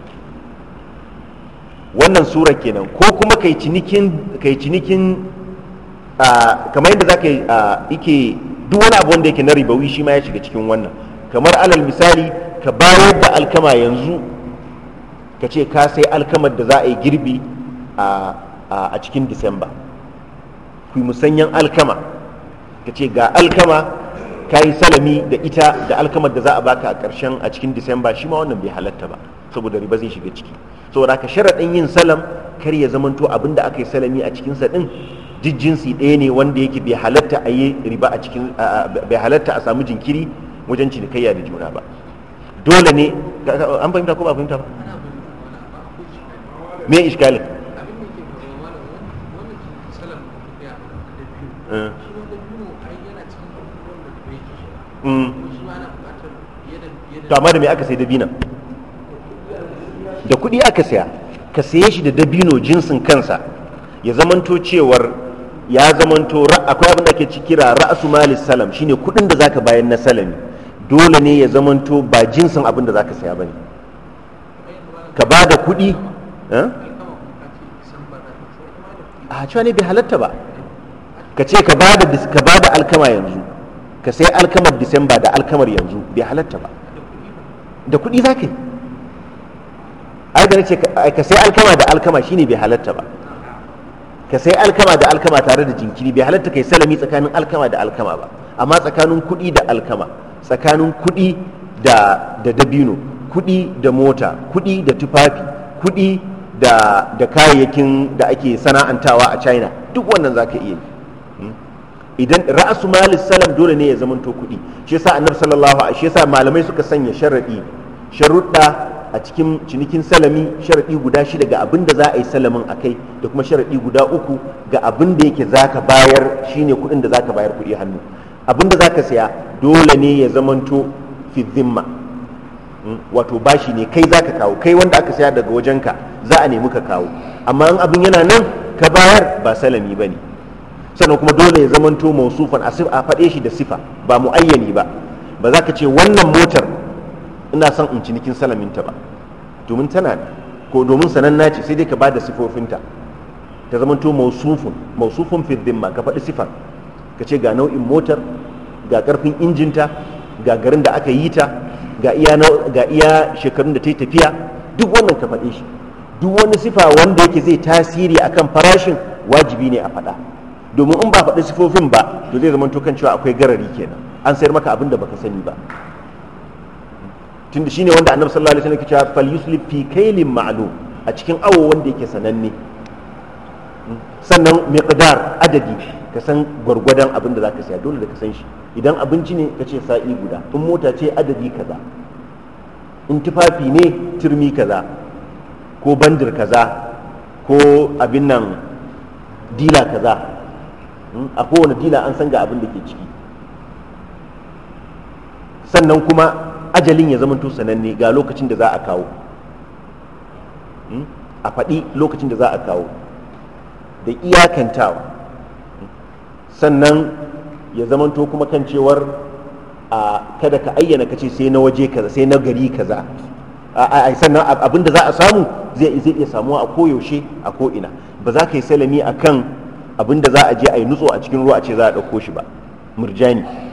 wannan sura kenan ko kuma kai cinikin kai cinikin kamar yadda zaka yake duk wani abu wanda yake na ribawi shi ma ya shiga cikin wannan kamar alal misali ka bayar da alkama yanzu ka ce ka sai alkamar da za a yi girbi a cikin disamba ku musanyen alkama ka ce ga alkama ka yi salami da ita da alkamar da za a baka a ƙarshen a cikin disamba shi ma wannan bai halatta ba saboda riba zai shiga ciki saboda haka sharaɗin yin salam kar ya zamanto abin da aka yi salami a cikinsa ɗin jinsi ɗaya ne wanda yake bai halatta a yi riba a cikin bai halatta a samu jinkiri wajen cinikayya da juna ba dole ne an fahimta ko ba fahimta ba me iskalin mm. to amma da me aka sai dabinan da kuɗi aka saya ka saye shi da dabino jinsin kansa ya zamanto cewar ya zamanto akwai abin da ake ci kira ra'asu malis salam shine kuɗin da zaka bayan na salami dole ne ya zamanto ba jinsin abin da zaka saya bane ka ba da kuɗi eh? a cewa ne bai halatta ba ka ce ka ba da alkama yanzu ka sai alkamar disamba da alkamar yanzu bai halatta ba da kuɗi za ka yi ai da nace ka sai alkama da alkama shine bai halatta ba ka sai alkama da alkama tare da jinkiri bai halatta kai salami tsakanin alkama da alkama ba amma tsakanin kuɗi da alkama tsakanin kuɗi da da dabino kuɗi da mota kuɗi da tufafi kuɗi da da kayayyakin da ake sana'antawa a China duk wannan zaka iya hmm? idan ra'asu malis salam dole ne ya zamanto kuɗi shi yasa annabi sallallahu alaihi shi malamai suka sanya sharadi sharuɗa a cikin cinikin salami sharaɗi guda shida ga abin da za a yi salamin a kai da kuma sharaɗi guda uku ga abin da yake za ka bayar shine kuɗin da za ka bayar kuɗi hannu abin da za ka saya dole ne ya zamanto fi hmm, wato bashi ne kai za ka kawo kai wanda aka saya daga wajenka za a nemi ka kawo amma in abin yana nan ka bayar ba salami ba ne sannan kuma dole ya zamanto mausufan a faɗe shi da sifa ba mu'ayyani ba ba za ka ce wannan motar ina son in cinikin salaminta ba domin tana ko domin sananna ce sai dai ka ba da sifofinta ta zama to mausufun mausufun firdin ma ka faɗi sifar ka ce ga nau'in motar ga ƙarfin injinta ga garin da aka yi ta ga iya shekarun da ta yi tafiya duk wannan ka faɗi shi duk wani sifa wanda yake zai tasiri a kan farashin wajibi ne a faɗa domin in ba faɗi sifofin ba to zai zama to kan cewa akwai garari kenan an sayar maka abin da baka sani ba tunda shine wanda annabi sallallahu alaihi wasallam yake cewa fal yuslib fi kailin ma'lum a cikin awo wanda yake sananne hmm? sannan miqdar adadi ka san gwargwadon abin da zaka saya dole da ka san shi idan abinci ne ka ce sa'i guda in mota ce adadi kaza in tufafi ne turmi kaza ko bandir kaza ko abin nan dila kaza hmm? a kowane dila an san ga abin da ke ciki sannan kuma ajalin ya zamanto sananne ga lokacin da za a kawo hmm? a faɗi lokacin da za a kawo da iyakantawa hmm? sannan ya zamanto kuma kan cewar a kada ka ayyana ka ce sai na waje kaza sai na gari kaza sannan abin da za a samu zai iya samuwa a koyaushe a ko'ina ba za ka yi salami a kan abin da za a je a yi nutso a cikin ruwa a ce za a ɗauko shi ba murjani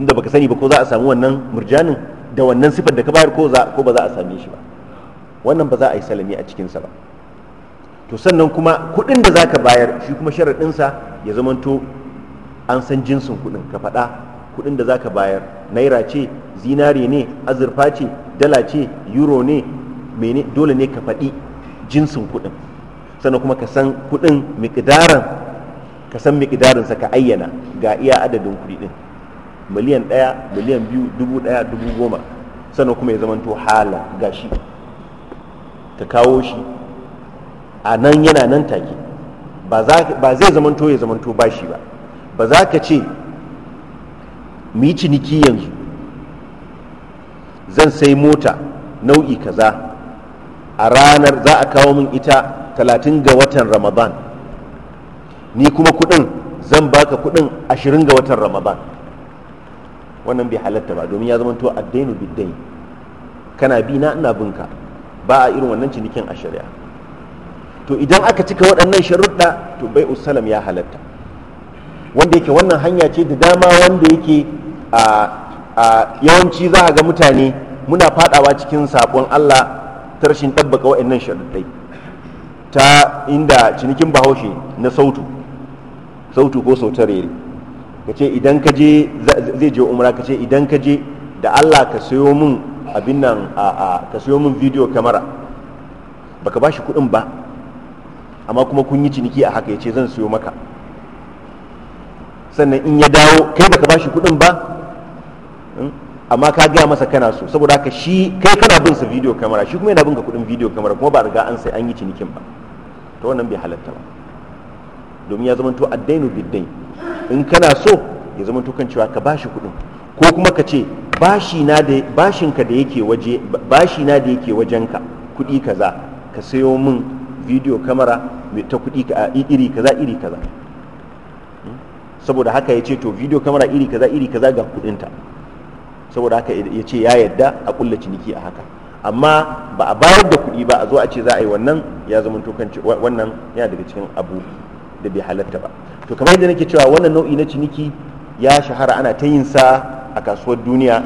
inda baka sani ba ko za a samu wannan murjanin da wannan sifar da ka bayar ko ba za a same shi ba wannan ba za a yi salami a cikinsa ba to sannan kuma kuɗin da zaka bayar shi kuma shararɗinsa ya zamanto an san jinsin kuɗin ka faɗa kuɗin da za bayar naira ce zinare ne azurfa ce dala ce euro ne mene dole ne ka faɗi jinsin kuɗin sannan kuma ka san kuɗin miƙidaran ka san sa ka ayyana ga iya adadin kuɗi ɗin miliyan ɗaya miliyan biyu dubu ɗaya dubu goma sannan kuma ya zamanto hala gashi ka kawo shi a nan yana nan take ba zai zamanto ya zamanto bashi ba ba za ka ce mu yi ciniki yanzu zan sai mota nau'i kaza a ranar za a kawo min ita talatin ga watan ramadan ni kuma kudin zan baka kudin ashirin ga watan ramadan wannan bai halatta ba domin ya zama to addainu biddain kana bi na ina binka ba a irin wannan cinikin a shari'a to idan aka cika waɗannan sharuɗa to bai usalam ya halatta wanda yake wannan hanya ce da dama wanda yake a yawanci za a ga mutane muna fadawa cikin sabon Allah ta rashin ɗabbaka waɗannan sharuɗai ta inda cinikin bahaushe na sautu sautu ko sautarere ka ce idan ka je zai je umra ka ce idan ka je da Allah ka sayo min abin nan ka sayo min video camera baka bashi kuɗin ba amma kuma kun yi ciniki a haka ya ce zan sayo maka sannan in ya dawo kai baka bashi kuɗin ba hmm, amma ka gaya masa kana so saboda haka shi kai kana bin sa video camera shi kuma yana bin ka kuɗin video camera kuma ba riga an sai an yi cinikin ba to wannan bai halatta ba domin ya zama to addainu biddain in kana so ya zama tukan cewa ka bashi kuɗin ko kuma ka ce bashinka da yake waje bashi na da yake wajenka kuɗi kaza ka sayo min video kamera ta kuɗi iri kaza iri kaza hmm? saboda haka ya ce to video kamera iri kaza iri kaza ga kudinta saboda haka ya ce ya yadda a kulla ciniki a haka amma ba a bayar da kuɗi ba a zo a ce za a yi wannan ya zama tukan wannan yana daga cikin abu da bai halatta ba to kamar yadda nake cewa wannan nau'i na ciniki ya shahara ana ta yin sa a kasuwar duniya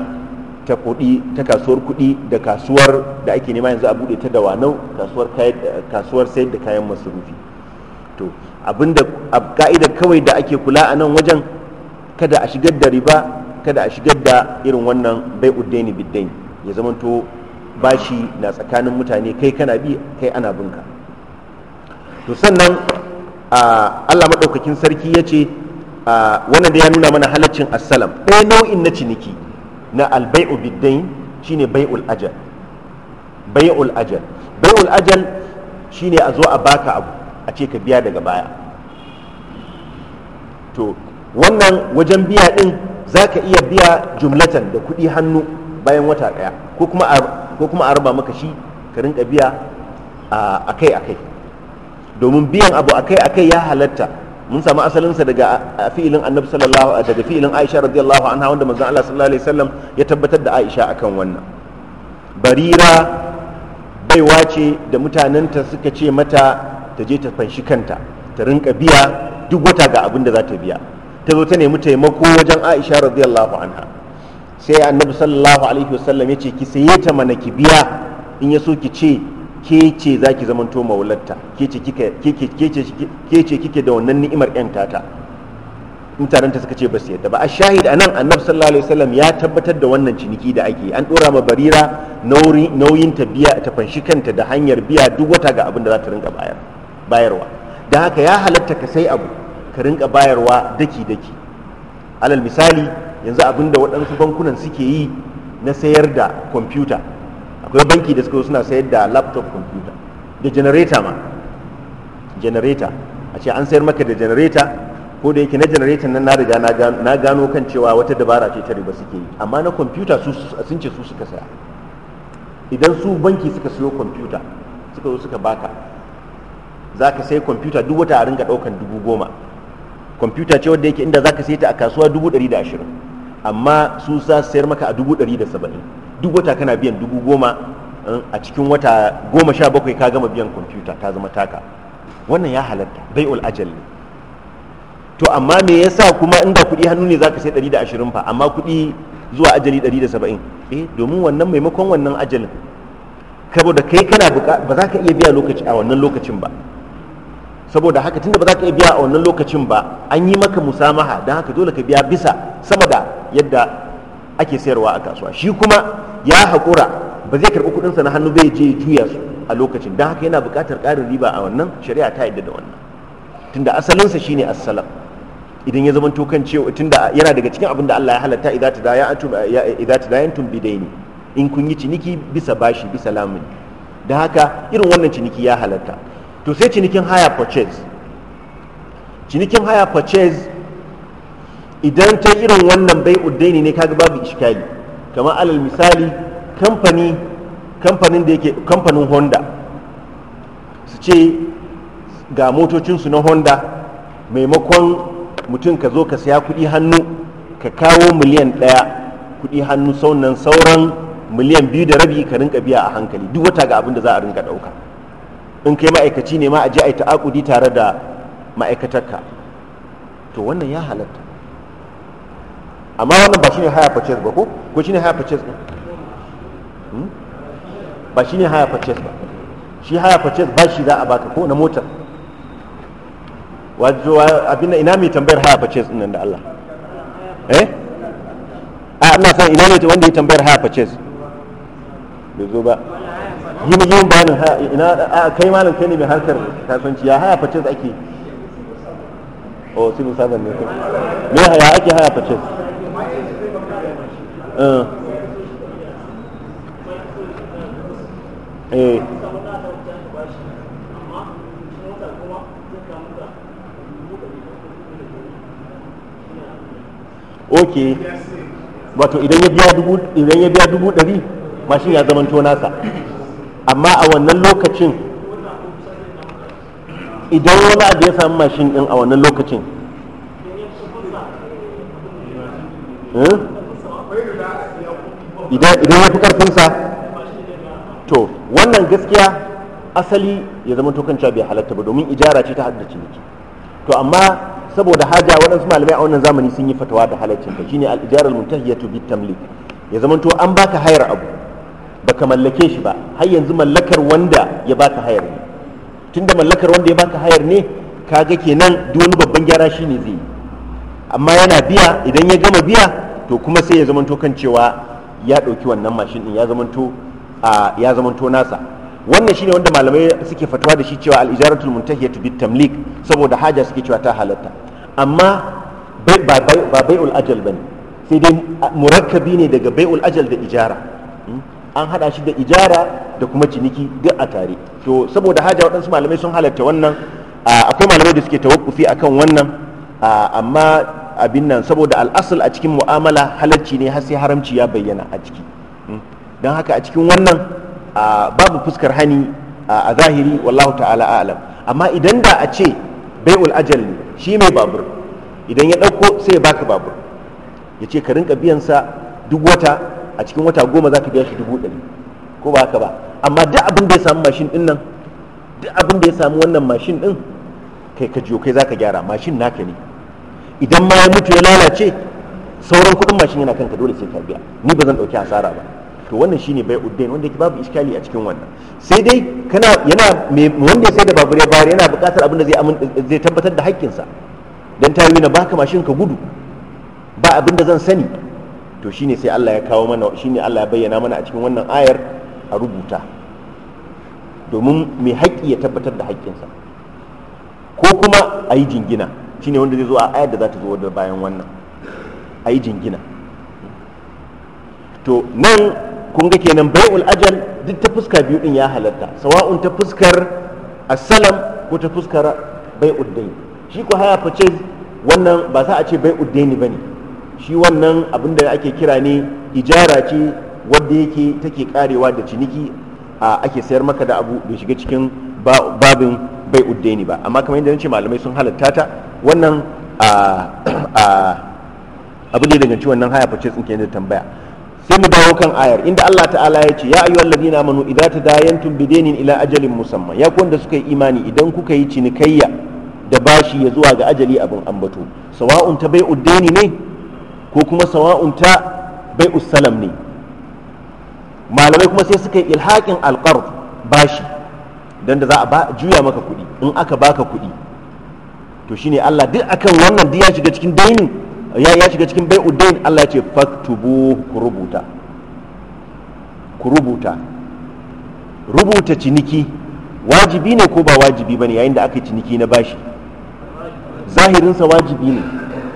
ta kuɗi ta kasuwar kuɗi da kasuwar da ake nema yanzu a bude ta da dawanau kasuwar kasuwar sayar da kayan masarufi to abinda ka'idar kawai da ake kula a nan wajen kada a shigar da riba kada a shigar da irin wannan bai uddaini biddain ya zama to bashi na tsakanin mutane kai kana bi kai ana bunka to sannan Allah maɗaukakin sarki ya ce wannan da ya nuna mana halaccin assalam ɗaya nau'in na ciniki na albai'u biddain shine bai'ul ajal bai'ul ajal bai'ul ajal shine a zo a baka abu a ce ka biya daga baya to wannan wajen biya din za ka iya biya jumlatan da kuɗi hannu bayan wata ɗaya ko kuma a raba maka shi ka rinka biya akai akai domin biyan abu akai akai ya halatta mun samu asalinsa daga fi'ilin annabi sallallahu daga fi'ilin aisha radiyallahu anha wanda manzon Allah sallallahu alaihi wasallam ya tabbatar da aisha akan wannan barira baiwa ce da mutanenta suka ce mata ta je ta fanshi kanta ta rinka biya duk wata ga abin da za ta biya ta zo ta nemi taimako wajen aisha radiyallahu anha sai annabi sallallahu alaihi wasallam ya ce ki saye ta mana ki biya in ya so ki ce ke ce za ki zamanto maulatta ke ce kike da wannan ni'imar 'yan tata mutanen ta suka ce ba su yadda ba a shahida a nan annabi sallallahu alaihi wasallam ya tabbatar da wannan ciniki da ake an dora ma barira nauyin ta biya ta fanshi kanta da hanyar biya duk wata ga abin da za ta rinka bayarwa da haka ya halatta ka sai abu ka rinka bayarwa daki daki alal misali yanzu abin da waɗansu bankunan suke yi na sayar da kwamfuta akwai banki da suka suna sayar da laptop computer da generator ma generator a ce an sayar maka da generator ko da yake na generator nan na riga na gano kan cewa wata dabara ce ta riba suke yi amma na computer sun ce su suka saya idan su banki suka siyo computer suka zo suka baka za ka sai computer duk wata a ringa ɗaukan dubu goma computer ce wadda yake inda za ka sai ta a kasuwa dubu ɗari da ashirin amma su sa sayar maka a dubu ɗari da saba'in duk wata kana biyan dubu goma eh, a cikin wata goma sha bakwai ka gama biyan kwamfuta ta zama taka wannan ya halatta bai ajal ne to amma me yasa kuma inda kuɗi hannu ne zaka sai ashirin fa amma kuɗi zuwa ajali ɗari da saba'in eh domin wannan maimakon wannan ajalin saboda kai kana ba za ka iya biya lokaci a wannan lokacin ba saboda haka tunda ba za ka iya biya a wannan lokacin ba an yi maka musamaha don haka dole ka biya bisa sama da yadda ake sayarwa a kasuwa shi kuma ya haƙura ba zai karɓi kuɗinsa na hannu bai je juya su a lokacin don haka yana buƙatar ƙarin riba a wannan shari'a ta yadda da wannan tunda asalinsa shine assalam idan ya zamanto kan cewa tunda yana daga cikin abin da Allah ya halatta idza tadayantum idza tadayantum bidaini in kun yi ciniki bisa bashi bisa lamuni da haka irin wannan ciniki ya halatta to sai cinikin haya purchase cinikin haya purchase idan ta irin wannan bai uddaini ne kaga babu iskali kamar alal misali kamfani kamfanin da yake kamfanin honda su ce ga motocinsu na honda maimakon mutum ka zo ka saya kuɗi hannu ka kawo miliyan ɗaya kuɗi hannu saunan sauran miliyan biyu da rabi ka rinka biya a hankali duk wata ga abin da za a rinka ɗauka in kai ma'aikaci ne ma a je a yi ta'akudi tare da ma'aikatarka to wannan ya halatta amma wannan ba shine haya purchase ba ko ko shine haya purchase ba hmm? ba shine haya purchase ba shi haya purchase ba shi za a baka ko na motar wajo abinda ina mai tambayar haya purchase din nan da Allah eh a ina san ina ne wanda ya tambayar haya purchase bai zo ba yi mu mu bayanin ina a kai malam kai ne mai harkar kasuwanci ya haya purchase ake o sinu sabon ne me ya ake haya purchase Eh. Eh. ok wato idan ya biya dubu ɗari mashin ya zama nasa amma a wannan lokacin idan wani abu ya samu mashin ɗin a wannan lokacin Eh? idan ya fi karfinsa to wannan gaskiya asali ya zama tokan cewa bai halatta ba domin ijara ce ta haddace ciniki to amma saboda haja waɗansu malamai a wannan zamani sun yi fatawa da halaccin ta shine al-ijaral muntahiyatu bit tamlik ya zama to an baka hayar abu baka mallake shi ba har yanzu mallakar wanda ya baka hayar ne tunda mallakar wanda ya baka hayar ne kaga kenan duk wani babban gyara shine zai yi amma yana biya idan ya gama biya to kuma sai ya zamanto kan cewa ya ɗauki wannan mashin ɗin ya zamanto ya nasa wannan shine wanda malamai suke fatuwa da shi cewa al-ijaratul muntahiyatu bit tamlik saboda haja suke cewa ta halatta amma ba bai'ul ajal bane sai dai murakkabi ne daga bai'ul ajal da ijara an hada shi da ijara da kuma ciniki duk a tare to saboda haja waɗansu malamai sun halatta wannan akwai malamai da suke tawakkufi akan wannan amma abin nan saboda al'asul a cikin mu'amala halarci ne har sai haramci ya bayyana a ciki hmm. don haka a cikin wannan babu fuskar hani a zahiri wallahu ta'ala alam amma idan da a ce bai'ul ajal ne shi mai babur idan ya ɗauko sai ya baka babur ya ce ka rinka biyansa duk wata a cikin wata goma za ka biya shi dubu ɗari ko ba haka ba amma duk abin da ya samu mashin ɗin nan duk abin da ya samu wannan mashin ɗin kai ka jiyo kai za ka gyara mashin naka ne idan ma ya mutu ya lalace sauran kuɗin mashin yana kanka dole sai ka biya ni ba zan ɗauki asara ba to wannan shine bai uddain wanda babu iskali a cikin wannan sai dai kana yana wanda ya sai da babur ya bayar yana buƙatar abin da zai zai tabbatar da sa dan tayi na baka mashin ka gudu ba abin da zan sani to shine sai Allah ya kawo mana shine Allah ya bayyana mana a cikin wannan ayar a rubuta domin mai haƙƙi ya tabbatar da haƙƙinsa ko kuma a yi jingina shine wanda zai zo a ayar da za ta zo da bayan wannan a yi jingina to nan kun ga kenan bai'ul ajal duk ta fuska biyu din ya halatta sawa'un ta fuskar asalam ko ta fuskar bai'ud dain shi ko haya fice wannan ba za a ce bai'ud ba bane shi wannan abin da ake kira ne ijara ce wadda yake take karewa da ciniki a ake sayar maka da abu bai shiga cikin babin bai'ud daini ba amma kamar yadda nace malamai sun halatta ta wannan [clears throat] abu ne daga ciwon nan haya fice tsinke da tambaya sai mu dawo kan ayar inda Allah ta'ala ya ce ya ayyuhal ladina amanu idza tadayantum bidainin ila ajalin musamman ya kuwan wanda suka yi imani idan kuka yi cinikayya da bashi ya zuwa ga ajali abin ambato sawa'un ta bai uddaini ne ko kuma sawa'un ta bai usalam ne malamai kuma sai suka yi ilhaƙin alƙar bashi don da za a juya maka kuɗi in aka baka kuɗi to shine Allah duk akan wannan duk ya shiga cikin dainin ya ya shiga cikin bai udain Allah ya ce faktubu ku rubuta ku rubuta rubuta ciniki wajibi ne ko ba wajibi bane yayin da aka yi ciniki na bashi zahirinsa wajibi ne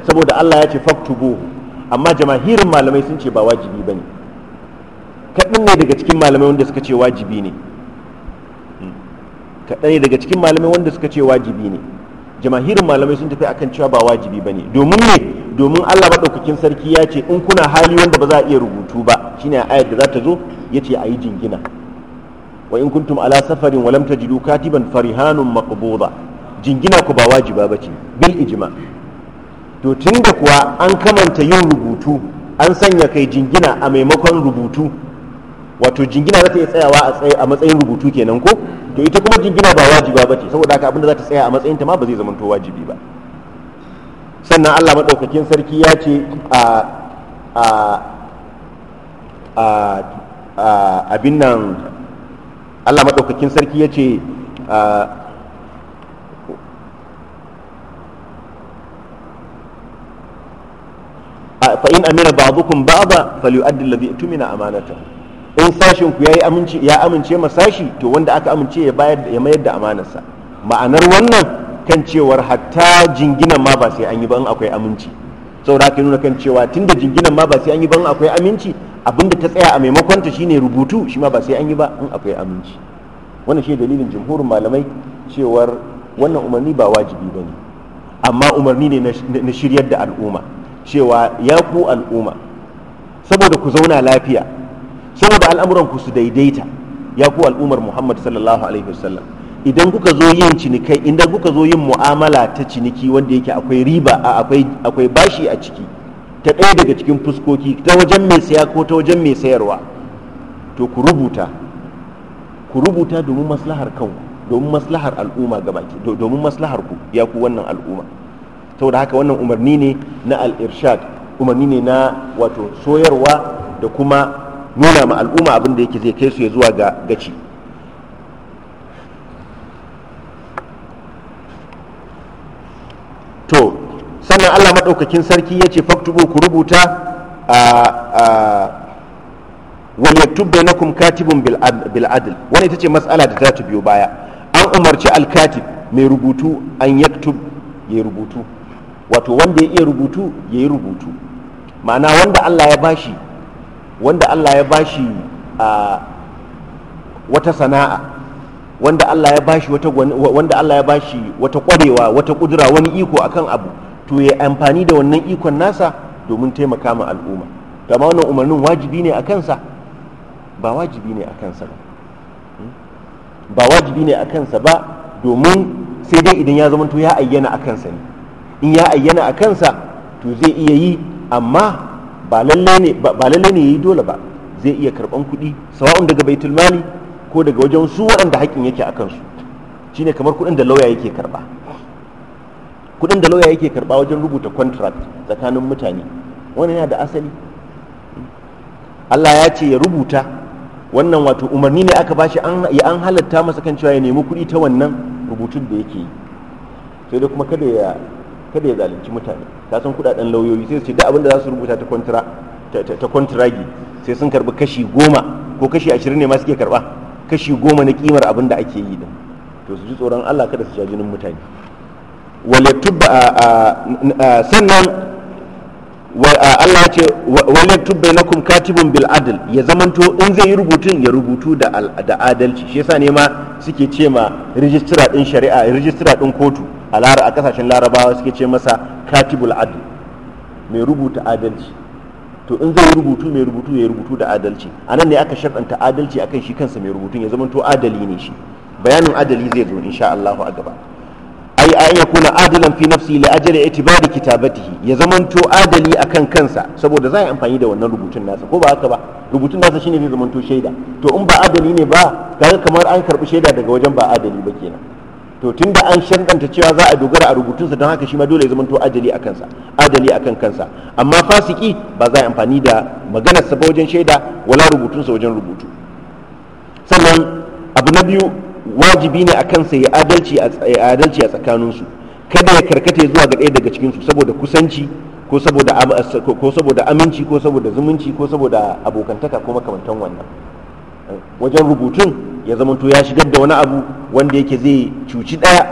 saboda Allah ya ce faktubu amma jamahirin malamai sun ce ba wajibi bane kaɗan ne daga cikin malamai wanda suka ce wajibi ne hmm. kaɗan ne daga cikin malamai wanda suka ce wajibi ne jamahirin malamai sun tafi akan cewa ba wajibi bane domin ne domin Allah madaukakin sarki ya ce in kuna hali wanda ba za a iya rubutu ba shine ayat da za ta zo yace ayi jingina wa in kuntum ala safarin wa lam tajidu katiban farihanun maqbuda jingina ku ba wajiba bace bil ijma to tunda kuwa an kamanta yin rubutu an sanya kai jingina a maimakon rubutu wato jingina za ta iya tsayawa a matsayin rubutu kenan ko to ita kuma jingina ba wajiba ba ce saboda haka abinda za ta tsaya a matsayin ta ma ba zai to wajibi ba sannan Allah madaukakin sarki ya ce a a a abin nan Allah madaukakin sarki ya ce فإن أمن بعضكم بعضا فليؤدي الذي tumina أمانته in sashin ku yayi aminci ya amince ma sashi to wanda aka amince ya bayar ya mayar da amanarsa ma'anar wannan kan cewar hatta jinginan ma ba sai an yi ba in akwai aminci saboda haka nuna kan cewa tunda jinginan ma ba sai an yi ba in akwai aminci abinda ta tsaya a maimakon ta shine rubutu shi ma ba sai an yi ba in akwai aminci wannan shi dalilin jumhurin malamai cewar wannan umarni ba wajibi bane amma umarni ne na shiryar da al'umma cewa ya ku al'umma saboda ku zauna lafiya saboda al'amuran ku su daidaita ya ku al'ummar Muhammad sallallahu alaihi wasallam idan kuka zo yin cinikai idan kuka zo yin mu'amala ta ciniki wanda yake akwai riba akwai akwai bashi a ciki ta ɗaya daga cikin fuskoki ta wajen mai saya ko ta wajen mai sayarwa to ku rubuta ku rubuta domin maslahar kanku domin maslahar al'umma baki domin maslahar ku ya ku wannan al'umma saboda haka wannan umarni ne na al-irshad umarni ne na wato soyarwa da kuma nuna ma al'umma abin da yake zai kai su ya zuwa ga gaci to sannan allah maɗaukakin sarki ya ce faktubu ku rubuta a waliyattub bainakum katibun bil adl wani ita ce matsala da za ta biyo baya an umarci alkatib mai rubutu an yaktub ya rubutu wato wanda ya iya rubutu ya yi rubutu ma'ana wanda allah ya bashi wanda Allah ya bashi a wata sana'a wanda Allah ya bashi wata wanda Allah ya bashi wata kwarewa wata kudura wani iko akan abu to ya amfani da wannan ikon nasa domin taimaka ma al'umma to amma wannan umarnin wajibi ne a kansa ba wajibi ne a kansa ba hmm? ba wajibi ne a kansa ba domin sai dai idan ya zama to ya ayyana a kansa ne in ya ayyana a kansa to zai iya yi amma ba lallai ne ya yi dole ba zai iya karban kuɗi sawa'un daga baitul mali ko daga wajen su waɗanda haƙƙin yake a kansu shine kamar kuɗin da lauya yake karba kuɗin da lauya yake karba wajen rubuta contract tsakanin mutane wannan yana da asali Allah ya ce ya rubuta wannan wato umarni ne aka bashi ya an halatta masa kan cewa ya nemi kuɗi ta wannan rubutun da yake yi sai dai kuma kada ya zalunci mutane ta san kudaden lauyoyi sai su ce duk abin da za su rubuta ta kontra ta kwantiragi sai sun karbi kashi goma ko kashi ashirin ne ma suke karba kashi goma na kimar abin da ake yi din to su ji tsoron Allah kada su ja jinin mutane sannan Allah ya ce wal yatubba lakum katibun bil adl ya zamanto in zai yi rubutun ya rubutu da adalci shi yasa ne ma suke ce ma din shari'a rijistira din kotu a kasashen larabawa suke ce masa katibul adl mai rubuta adalci to in zai rubutu mai rubutu ya rubutu da adalci a nan ne aka sharɗanta adalci akan shi kansa mai rubutun ya zama to adali ne shi bayanin adali zai zo insha Allahu a gaba ai iya kuna adalan fi nafsi li ajali itibari kitabatihi ya zamanto adali akan kansa saboda zai amfani da wannan rubutun nasa ko ba haka ba rubutun nasa shine zai zamanto shaida to in ba adali ne ba kaga kamar an karbi shaida daga wajen ba adali ba kenan to tun da an sharɗanta cewa za a dogara a rubutunsa don haka shi ma dole ya zamanto ajali a kansa ajali a kan kansa amma fasiki ba za a amfani da maganarsa ba wajen shaida wala rubutunsa wajen rubutu sannan abu na biyu wajibi ne a kansa ya adalci a adalci a tsakaninsu kada ya karkata zuwa ga ɗaya daga su saboda kusanci ko saboda ko saboda aminci ko saboda zumunci ko saboda abokantaka ko makamantan wannan wajen rubutun ya zamanto ya shigar da wani abu wanda yake zai cuci ɗaya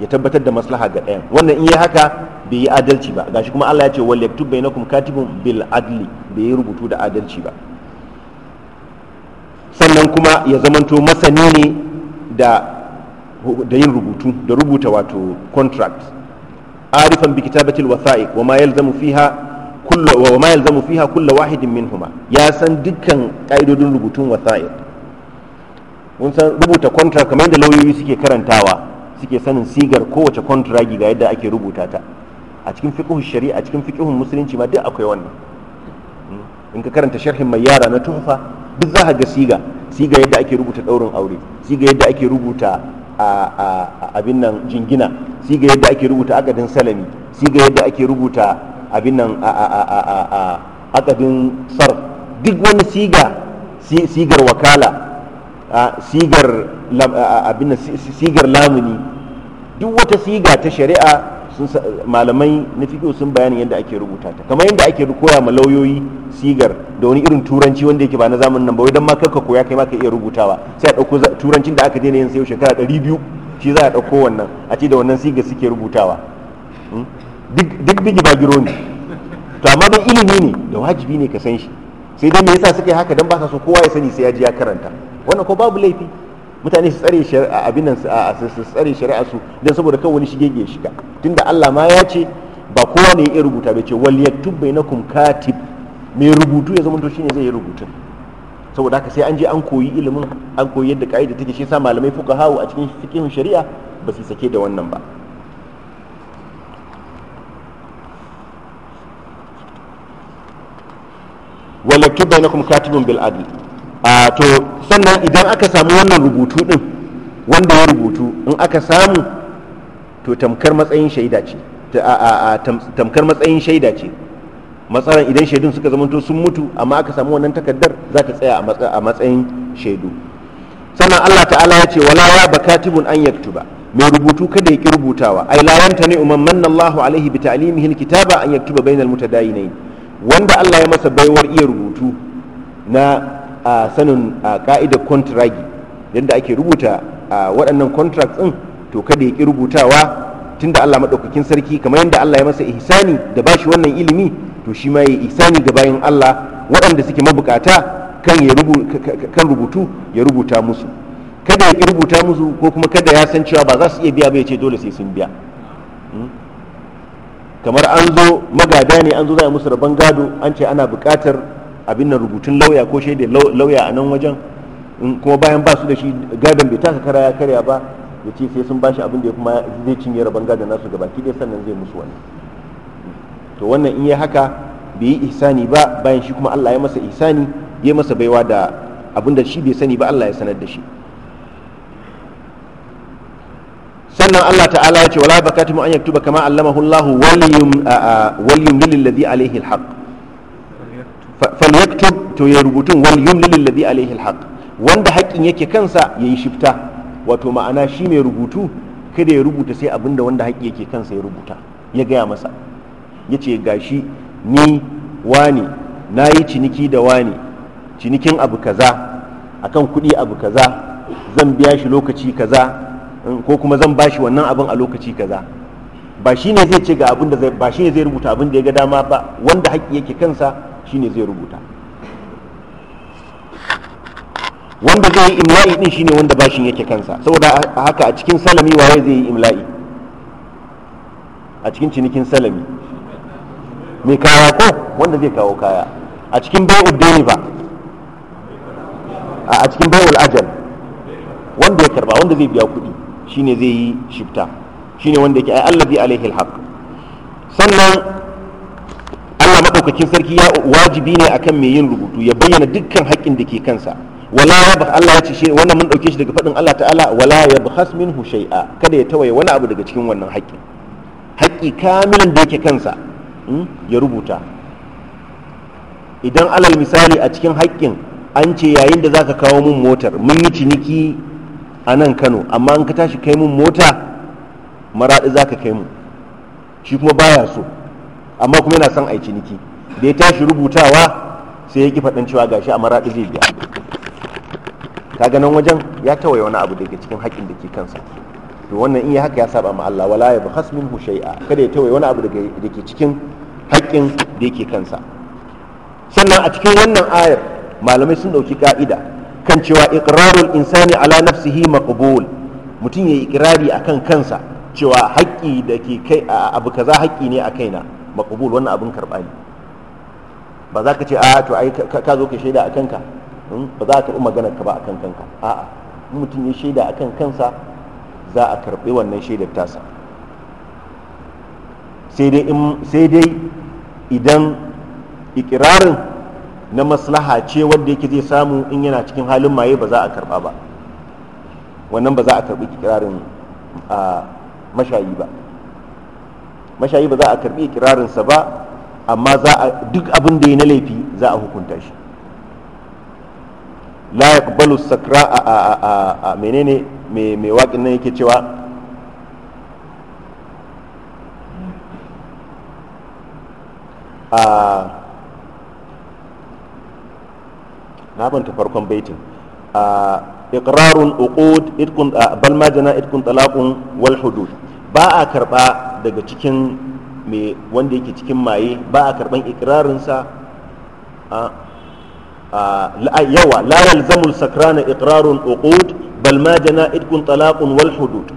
ya tabbatar da maslaha ga ɗayan wannan in yi haka bai yi adalci ba gashi kuma Allah ya ce wal yaktub bainakum katibun bil adli bai yi rubutu da adalci ba sannan kuma ya zamanto masani ne da da yin rubutu da rubuta wato contract arifan bi kitabatil wasa'iq wa ma yalzamu fiha kullu wa ma yalzamu fiha kullu wahidin minhuma ya san dukkan ka'idodin rubutun wasa'iq mun san rubuta kwantar kamar yadda lauyoyi suke karantawa suke sanin sigar kowace kwantar ga yadda ake rubuta ta a cikin fiqhu shari'a a cikin fiƙihun musulunci ma duk akwai wannan hmm? in ka karanta sharhin mai yara na tufa duk za ka ga siga siga yadda ake rubuta ɗaurin aure siga yadda ake rubuta a abin nan jingina siga yadda ake rubuta akadin salami siga yadda ake rubuta abin nan a akadin sarf duk wani siga sigar wakala sigar sigar lamuni duk wata siga ta shari'a malamai na fiƙo sun bayanin yadda ake rubuta ta kamar yadda ake koya ma lauyoyi sigar da wani irin turanci wanda yake ba na zamanin nan ba wai don ma kanka koya kai ma ka iya rubutawa sai a ɗauko turancin da aka daina yin sai shekara ɗari biyu shi za a ɗauko wannan a ce da wannan sigar suke rubutawa hmm? duk bigi ba giro ne to amma don ilimi ne da wajibi ne ka san shi sai dai me yasa suka yi haka don ba sa so kowa ya sani sai ya ji ya karanta wannan ko babu laifi mutane su tsare shari'a abin nan su tsare shari'a su dan saboda kan wani shige ya shiga tunda Allah ma ya ce ba kowa ne ya rubuta ba ce wal yaktub bainakum katib mai rubutu ya zama to shine zai yi rubutun saboda haka sai an je an koyi ilimin an koyi yadda ka'ida take shi sa malamai fuka hawo a cikin fiqhin shari'a ba su sake da wannan ba wal yaktub bainakum katibun bil adl a to sannan idan aka samu wannan rubutu din wanda ya rubutu in aka samu to tamkar matsayin shaida ce tamkar matsayin shaida ce matsaran idan shaidun suka zamanto sun mutu amma aka samu wannan takaddar za ta tsaya a matsayin shaidu sannan Allah ta'ala ya ce wala ya bakatibun an yaktuba mai rubutu kada ya ki rubutawa ai la ni umman manna Allahu alaihi bi ta'limihi alkitaba an yaktuba bainal mutadayinain wanda Allah ya masa baiwar iya rubutu na a sanin ka'idar kontragi yadda ake rubuta a waɗannan contract ɗin to kada ya ƙi rubutawa tun da Allah maɗaukakin sarki kamar yadda Allah ya masa ihsani da ba shi wannan ilimi to shi ma ya ihsani ga bayan Allah waɗanda suke mabukata kan rubutu ya rubuta musu kada ya ƙi rubuta musu ko kuma kada ya san cewa ba za su iya biya ba ya ce dole sai sun biya hmm? kamar an zo magada ne an zo za a musu rabon gado an ce ana bukatar. abin nan rubutun lauya ko shaidar lauya a nan wajen kuma bayan ba su da shi gadon bai taka kara ya karya ba ya ce sai sun bashi abin da ya kuma zai cinye rabon gadon nasu gaba ki sannan zai musu wani to wannan in ya haka bai yi ihsani ba bayan shi kuma Allah ya masa ihsani ya masa baiwa da abin da shi bai sani ba Allah ya sanar da shi sannan Allah ta'ala ya ce wala bakatu mu an yaktuba kama allamahu Allah wal yum wal lil ladhi alayhi al falyaktub to ya rubutun wal yumlil alladhi alaihi alhaq wanda haƙin yake kansa yayi shifta wato ma'ana shi mai rubutu kada ya rubuta sai abinda wanda haƙi yake kansa ya rubuta ya gaya masa ya ce gashi ni wani na yi ciniki da wani cinikin abu kaza akan kuɗi abu kaza zan biya shi lokaci kaza ko kuma zan bashi wannan abin a lokaci kaza ba shi ne zai ce ga abin da ba shi ne zai rubuta abin da ya ga dama ba wanda haƙi yake kansa shine zai rubuta wanda zai yi imla'i din shine wanda bashin yake kansa saboda haka a cikin salami waye zai yi imla'i a cikin cinikin salami mai kawo ko wanda zai kawo kaya a cikin bai'ul dai ba a cikin bai'ul ajal wanda ya karba wanda zai biya kudi shine zai yi shifta shine wanda yake ai allazi alaihi alhaq sannan Allah madaukakin sarki ya wajibi ne akan mai yin rubutu ya bayyana dukkan haƙƙin da ke kansa wala ya Allah ya ce shi wannan mun dauke shi daga fadin Allah ta'ala wala ya bi minhu shay'a kada ya tawaye wani abu daga cikin wannan haƙƙin haƙƙi kamilan da yake kansa hmm, ya rubuta idan alal misali a cikin haƙƙin an ce yayin da zaka kawo mun motar mun yi ciniki a nan Kano amma in ka tashi kai mun mota maraɗi zaka kai mu shi kuma baya so amma kuma yana son a yi ciniki da ya tashi rubutawa sai ya ƙi faɗin cewa gashi a maraɗi zai biya ta ganin wajen ya tawaye wani abu daga cikin haƙƙin da ke kansa to wannan in ya haka ya saba ma Allah wala ya bukhas minhu shay'a kada ya tawaye wani abu da ke cikin haƙƙin da yake kansa sannan a cikin wannan ayar malamai sun ɗauki ka'ida kan cewa iqrarul insani ala nafsihi maqbul mutum ya yi ikirari akan kansa cewa haƙƙi da ke kai abu kaza haƙƙi ne a kaina maqbul wannan abin karɓa ne ba za ka ce a to ai ka zo ka shaida a kanka hmm? ba za ka karɓi maganar ka ba a kan kanka a'a mutum ya shaida a kan kansa za a karɓi wannan shaidar tasa sai dai idan ikirarin na maslaha ce wanda yake zai samu in yana cikin halin maye ba za a karɓa ba wannan ba za a karɓi ikirarin a mashayi ba mashayi ba za a karbi ikirarinsa ba amma za a duk abin da ya na laifi za a hukunta shi la yaqbalu sakra a a a a menene me me waƙin nan yake cewa a na banta farkon baitin a iqrarul uqud idkun bal majana idkun talaqun wal hudud ba a karba daga cikin mai wanda yake cikin maye ba a karban ikirarinsa yawa la zamul sakrana iqrarun uqud bal ma idkun talaqun wal hudud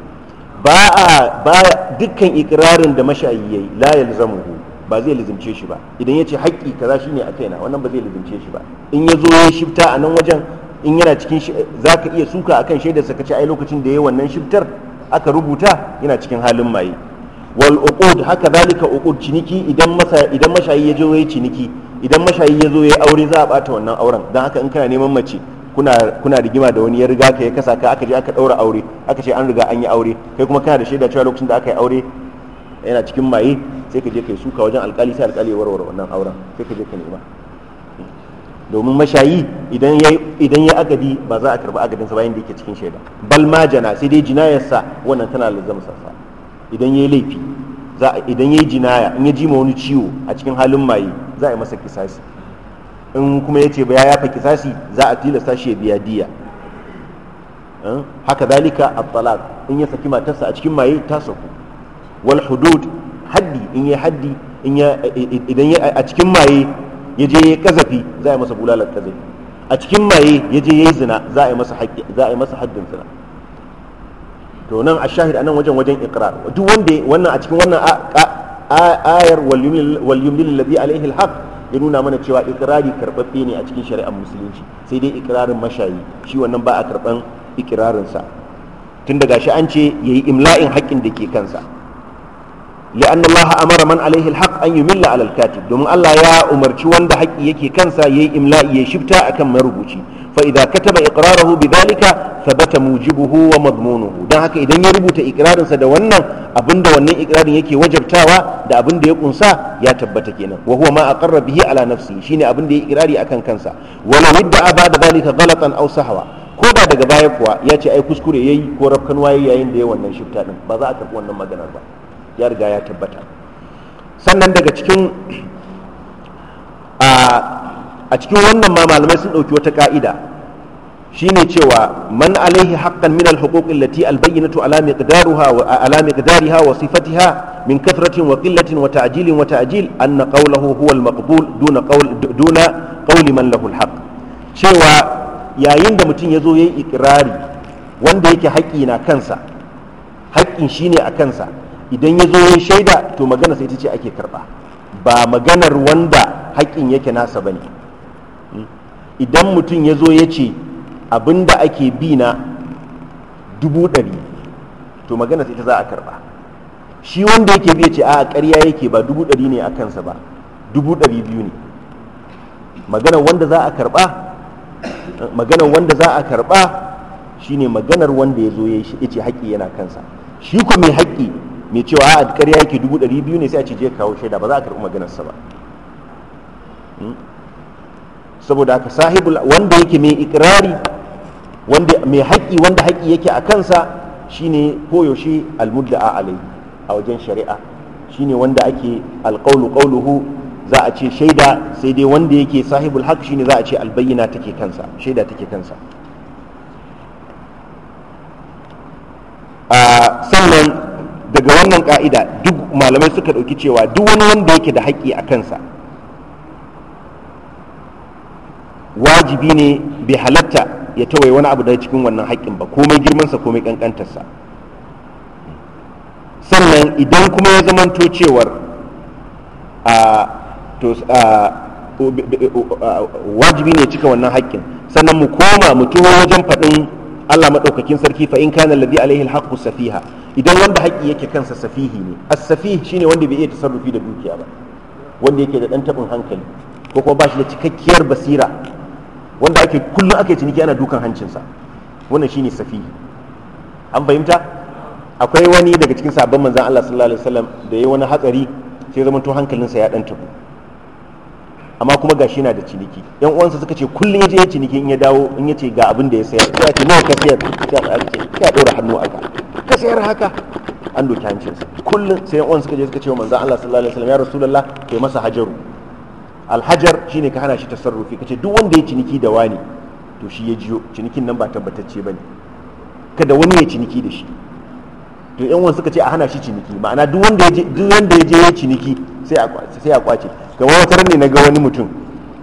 ba a ba dukkan ikirarin da mashayi yayi la yalzamuhu ba zai lizimce shi ba idan ya ce haƙƙi kaza ne a kaina wannan ba zai lizimce shi ba in ya zo ya shifta a nan wajen in yana cikin za ka iya suka akan shaidarsa ka ce ai lokacin da ya yi wannan shiftar aka rubuta yana cikin halin maye wal uqud haka zalika uqud ciniki idan masa idan mashayi ya zo yayi ciniki idan mashayi ya zo yayi aure za a bata wannan auren dan haka in kana neman mace kuna kuna rigima da wani ya riga ka ya kasa ka aka je aka daura aure aka ce an riga an yi aure kai kuma kana da shaida cewa lokacin da aka yi aure yana cikin maye sai ka je kai suka wajen alkali sai alkali ya warware wannan auren sai ka je ka nema domin mashayi idan ya agadi ba za a karba agadin sa bayan da yake cikin shaida bal ma jana sai dai jinayar sa wannan tana lazama sassa idan yayi laifi za idan yayi jinaya in ya ji ma wani ciwo a cikin halin maye za a yi masa kisasi in kuma yace ba ya yafa kisasi za a tilasta shi ya biya diya eh? haka dalika at-talaq in ya saki matarsa a cikin maye ta saku wal hudud haddi in ya haddi idan ya a cikin maye ya je ya kazafi za a yi masa bulalar kazafi a cikin maye ya je ya yi zina za a yi masa haƙƙi za a yi masa haddin zina to nan a shahid a nan wajen wajen iqrar duk wanda wannan a cikin wannan ayar wal yumlil ladhi alaihi haq ya nuna mana cewa iqrari karbabbe ne a cikin shari'ar musulunci sai dai iqrarin mashayi shi wannan ba a karban iqrarin sa tun daga shi an ce yayi imla'in haƙƙin da ke kansa لأن الله أمر من عليه الحق أن يمل على الكاتب دوم الله يا أمرتي وند حقي يكي كنسا يي إملاء يشبتا أكم مربوتي فإذا كتب إقراره بذلك ثبت موجبه ومضمونه دا هكا إذا يربط إقرار سدونا أبند ونن إقرار يكي وجبتاوا دا أبند يقنسا يا تبتكينا وهو ما أقر به على نفسه شيني أبند إقراري أكن كنسا ولو ادعى بعد ذلك غلطا أو سهوا ko da daga baya kuwa ya ce ai kuskure yayi ko rafkanwa yayin da ya wannan shifta din ba za a karɓi wannan maganar ba ya riga ya tabbata sannan daga cikin a cikin wannan ma malamai sun ɗauki wata ka'ida shine cewa man alaihi haqqan min al lati allati al-bayyinatu ala miqdaruha wa ala miqdariha min kathratin wa qillatin wa ta'jilin wa ta'jil anna qawluhu huwa al-maqbul duna qawl man lahu al-haqq cewa yayin da mutum ya yi ikirari wanda yake haƙi na kansa haƙƙin shine a kansa idan ya zo ya shaida to magana sai ta ce ake karba ba maganar wanda haƙƙin yake nasa ba ne hmm? idan mutum ya zo ya ce abinda ake bi na dubu ɗari to magana sai ta za a karba shi wanda yake bi ya ce a ƙarya yake ba dubu ɗari ne a kansa ba dubu ɗari biyu ne maganar wanda za a karba maganar wanda za a karba shine maganar wanda ya zo ya ce haƙƙi yana kansa shi ku mai haƙƙi mai cewa a ƙarya yake dubu ɗari biyu ne sai a ce je kawo shaida ba za a karɓi maganarsa ba hmm? saboda haka sahibul wanda yake mai ikirari wanda mai haƙƙi wanda haƙƙi yake a kansa shine koyaushe almudda a alai a wajen shari'a shine wanda ake alƙaulu ƙauluhu za a ce shaida sai dai wanda yake sahibul haq shine za a ce albayyana take kansa shaida take kansa a ah, sannan daga wannan ka'ida duk malamai suka ɗauki cewa duk wani wanda yake da haƙƙi a kansa wajibi ne bai halatta ya tawaye wani abu daga cikin wannan haƙƙin ba komai girmansa komai ƙanƙantarsa sannan idan kuma ya zamanto cewar wajibi ne cika wannan haƙƙin sannan mu koma mu tuho wajen faɗin allah maɗaukakin sarki fa in kana alladhi alaihi alhaqqu safiha idan wanda haƙƙi yake kansa safihi ne as-safih shine wanda bai iya tasarrufi da dukiya ba wanda yake da ɗan taɓin hankali ko kuma bashi da cikakkiyar basira wanda ake kullum ake ciniki ana dukan hancinsa wannan shine safihi an fahimta akwai wani daga cikin sabon manzan Allah sallallahu alaihi wasallam da yi wani hatsari sai zamanto hankalinsa ya ɗan tabu amma kuma gashi na da ciniki yan uwansa suka ce kullum yaje ya ciniki in ya dawo in ya ce ga abin da ya sayar sai a ce nawa ka sayar sai a ce ka dora hannu a ka ka sayar haka an doki hancinsa kullum sai yan uwansa suka je suka ce manzo Allah sallallahu alaihi wasallam ya rasulullah kai masa hajaru alhajar shine ka hana shi tasarrufi kace duk wanda ya ciniki da wani to shi ya jiyo cinikin nan ba tabbatacce bane kada wani ya ciniki da shi to yan uwansa suka ce a hana shi ciniki ma'ana duk wanda ya je duk wanda ya je ya ciniki sai a kwace kamar wata ne na ga wani mutum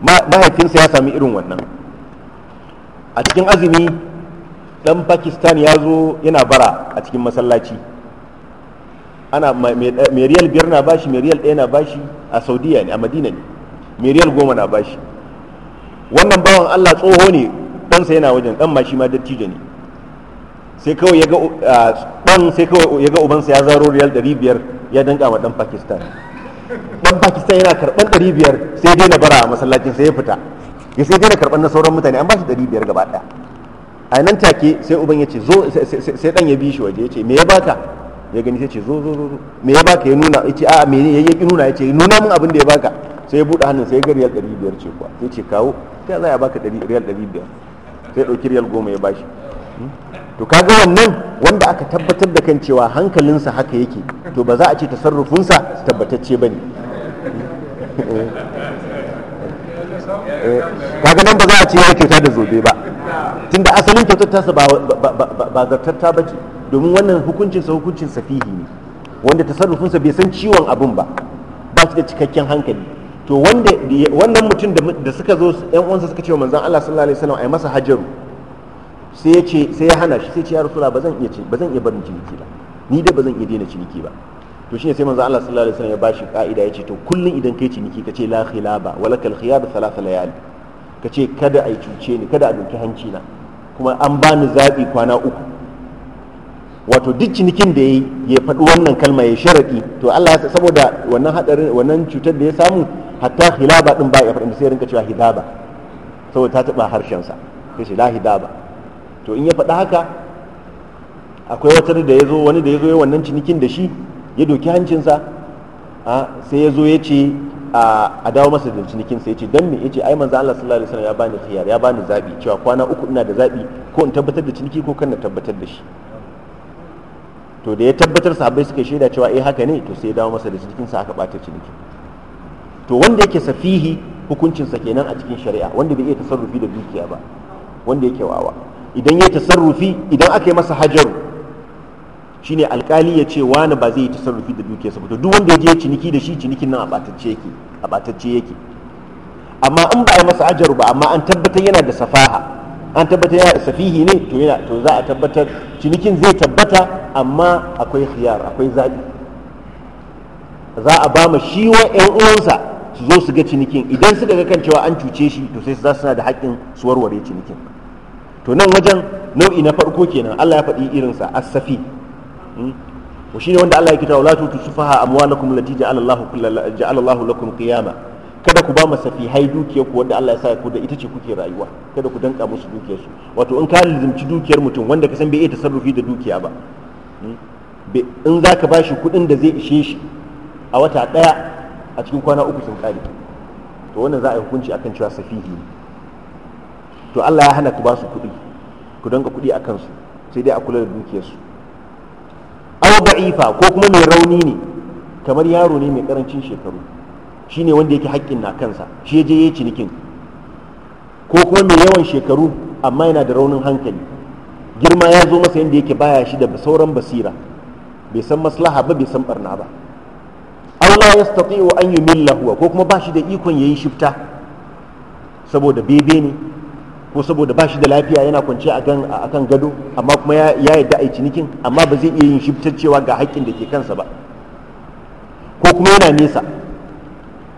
mahaifinsa ya sami irin wannan a cikin azumi dan pakistan ya zo yana bara a cikin masallaci ana mai riyal biyar na bashi mai riyal ɗaya na bashi a saudiya ne a madina ne mai riyal goma na bashi wannan bawan allah tsoho ne ɗansa yana wajen ɗan ma shi ma dattijo ne sai kawai ya ga sai kawai ya ga ubansa ya zaro riyal ɗari biyar ya danka wa ɗan pakistan dan pakistan yana karban 500 sai dai na bara a masallacin sai ya fita ya sai dai na karban na sauran mutane an ba shi 500 gaba daya a nan take sai uban ya ce zo sai dan ya bi shi waje ya ce me ya baka ya gani sai ce zo zo zo me ya baka ya nuna ya ce a me ya yi nuna ya ce nuna min abin da ya baka sai ya bude hannun sai ya ga riyal 500 ce kuwa sai ce kawo sai za ya baka riyal 500 sai ya dauki riyal goma ya bashi hmm? to kaga wannan wanda aka tabbatar da kan cewa hankalinsa haka yake to ba za a ce tasarrufinsa tabbatacce ba ne eh, kaga nan ba za a ce ya kyauta da zobe ba tunda asalin kyautar tasa ba zartatta ba ce domin wannan hukuncinsa hukuncin safihi ne wanda tasarrufinsa bai san ciwon abin ba ba shi da cikakken hankali to wannan mutum da suka zo yan uwansa suka ce wa manzan Allah sallallahu alaihi wasallam yi masa hajaru sai ya ce sai ya hana shi sai ce ya rasula ba zan iya ba zan iya barin ciniki ba ni dai ba zan iya daina ciniki ba to shine sai manzo Allah sallallahu alaihi wasallam ya bashi ka'ida ya ce to kullun idan kai ciniki kace la khilaba walakal khiyab thalath layal kace kada a cuce ni kada a doki hanci na kuma an bani zabi kwana uku wato duk cinikin da yayi ya faɗi wannan kalma ya sharadi to Allah ya saboda wannan hadarin wannan cutar da ya samu hatta khilaba din ba ya faɗi sai rinka cewa hidaba saboda ta taba harshen sa kace la hidaba to in ya faɗa haka akwai wata da ya zo wani da ya zo ya wannan cinikin da shi ya doki hancinsa sai ya zo ya ce a dawo masa da cinikin sai ya ce don me ya ce ai manzo Allah sallallahu alaihi wasallam ya bani khiyar ya bani zabi cewa kwana uku ina da zabi ko in tabbatar da ciniki ko kan na tabbatar da shi to da ya tabbatar sahabbai suka shaida cewa eh haka ne to sai ya dawo masa da cinikin sa aka bata ciniki to wanda yake safihi hukuncinsa kenan a cikin shari'a wanda bai iya tasarrufi da dukiya ba wanda yake wawa idan ya tasarrufi idan aka yi masa hajaru shine alkali ya ce wani ba zai yi tasarrufi da dukiyarsa ba to duk wanda ya je ciniki da shi cinikin nan a batacce yake amma in ba a yi masa hajaru ba amma an tabbatar yana da safaha an tabbatar yana da safihi ne to yana to za a tabbatar cinikin zai tabbata amma akwai khiyar akwai zaɓi za a ba ma shi wa ƴan uwansa su zo su ga cinikin idan suka ga kan cewa an cuce shi to sai su za su na da haƙƙin su warware cinikin to nan wajen nau'i na farko kenan Allah ya faɗi irinsa as-safi wa hmm? shine wanda Allah ya kita la tutu sufaha amwalakum lati ja'ala Allahu ja'ala Allahu lakum qiyama kada ku ba masafi hai dukiyar ku wanda Allah ya sa ku da ita ce kuke rayuwa kada ku danka musu dukiyar su wato in ka lizimci dukiyar mutum wanda ka san bai iya tasarrufi da dukiya ba hmm? in za ka ba shi kuɗin da zai ishe shi a wata ɗaya a cikin kwana uku sun ƙare to wannan za a yi hukunci akan cewa safihi ne to Allah ya hana ku ba su kuɗi ku danga kuɗi a kansu sai dai a kula da dukiyarsu aw da'ifa ko kuma mai rauni ne kamar yaro ne mai karancin shekaru shine wanda yake haƙƙin na kansa shi je yayi cinikin ko kuma mai yawan shekaru amma yana da raunin hankali girma ya zo masa yadda yake baya shi da sauran basira bai san maslaha ba bai san barna ba Allah ya wa an yi huwa ko kuma ba shi da ikon ya yi shifta saboda bebe ne ko saboda ba shi da lafiya yana kwance a kan gado amma kuma ya yi a cinikin amma ba zai iya yin shibtar cewa ga haƙƙin da ke kansa ba ko kuma yana nesa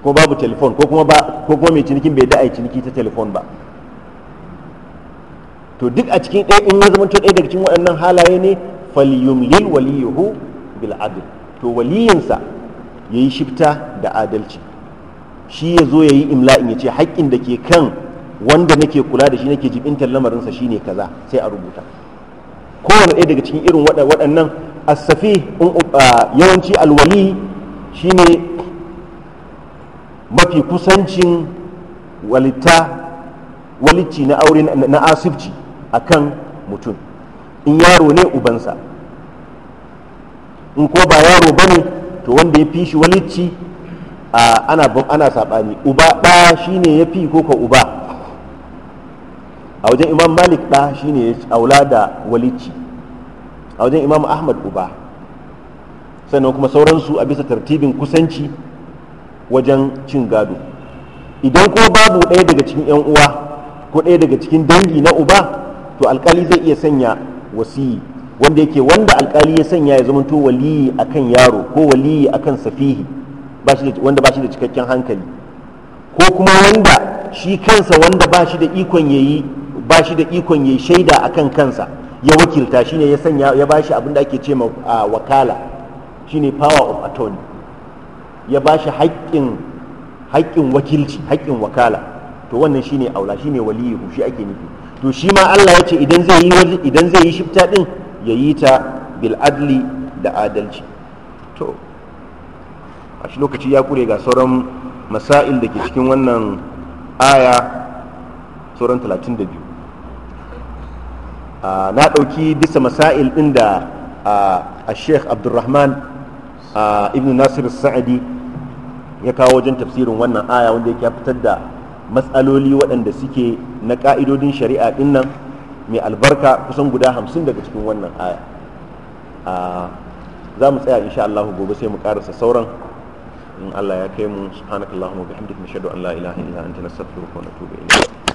ko babu telefon ko kuma ko kuma mai cinikin bai yarda a ciniki ta telefon ba to duk a cikin ɗaya in ya zama ɗaya daga cikin waɗannan halaye ne falyumlil waliyuhu bil adl to waliyinsa yayi shifta da adalci shi ya zo ya yi imla'in ya ce haƙƙin da ke kan wanda nake kula da shi nake jibintar lamarinsa shine kaza sai a rubuta kowane ɗaya daga cikin irin waɗannan asafi um, um, yawanci alwali shine mafi kusancin walita walici na aure na asibci a kan mutum in yaro ne ubansa in ko ba yaro bane to wanda ya fi shi walici ana saɓani uba ɗa shine ya fi ko ka uba a wajen imam malik ɗa shine aula da walici a wajen imam ahmad uba sannan kuma sauransu a bisa tartibin kusanci wajen cin gado idan ko babu ɗaya daga cikin 'yan uwa ko ɗaya daga cikin dangi na uba to alkali zai iya sanya wasiyi wanda yake wanda alkali ya sanya ya zama to waliyi akan yaro ko waliyi akan safihi wanda ba shi da cikakken hankali ko kuma wanda shi kansa wanda ba shi da ikon yayi ba shi da ikon ya shaida a kan kansa ya wakilta shine ya sanya ya bashi abin da ake ce ma wakala shine power of attorney ya bashi haƙƙin haƙƙin wakilci haƙƙin wakala to wannan shine aula shine waliyu shi ake nufi to shi ma Allah ya ce idan zai yi idan zai yi shifta din ya yi ta bil adli da adalci to a shi lokaci ya kure ga sauran masail da ke cikin wannan aya sauran 32 Ah, na ɗauki bisa masail ɗin da ah, a sheikh abdulrahman ah, ibn nasir sa'adi ya kawo wajen tafsirin wannan aya wanda yake fitar da matsaloli waɗanda suke na ƙa'idodin shari'a ɗin nan mai albarka kusan guda hamsin daga cikin wannan aya za mu tsaya insha Allah gobe sai mu karasa sauran in Allah ya kai mu subhanakallahumma bihamdika nashhadu an la ilaha illa anta nastaghfiruka wa natubu ilayk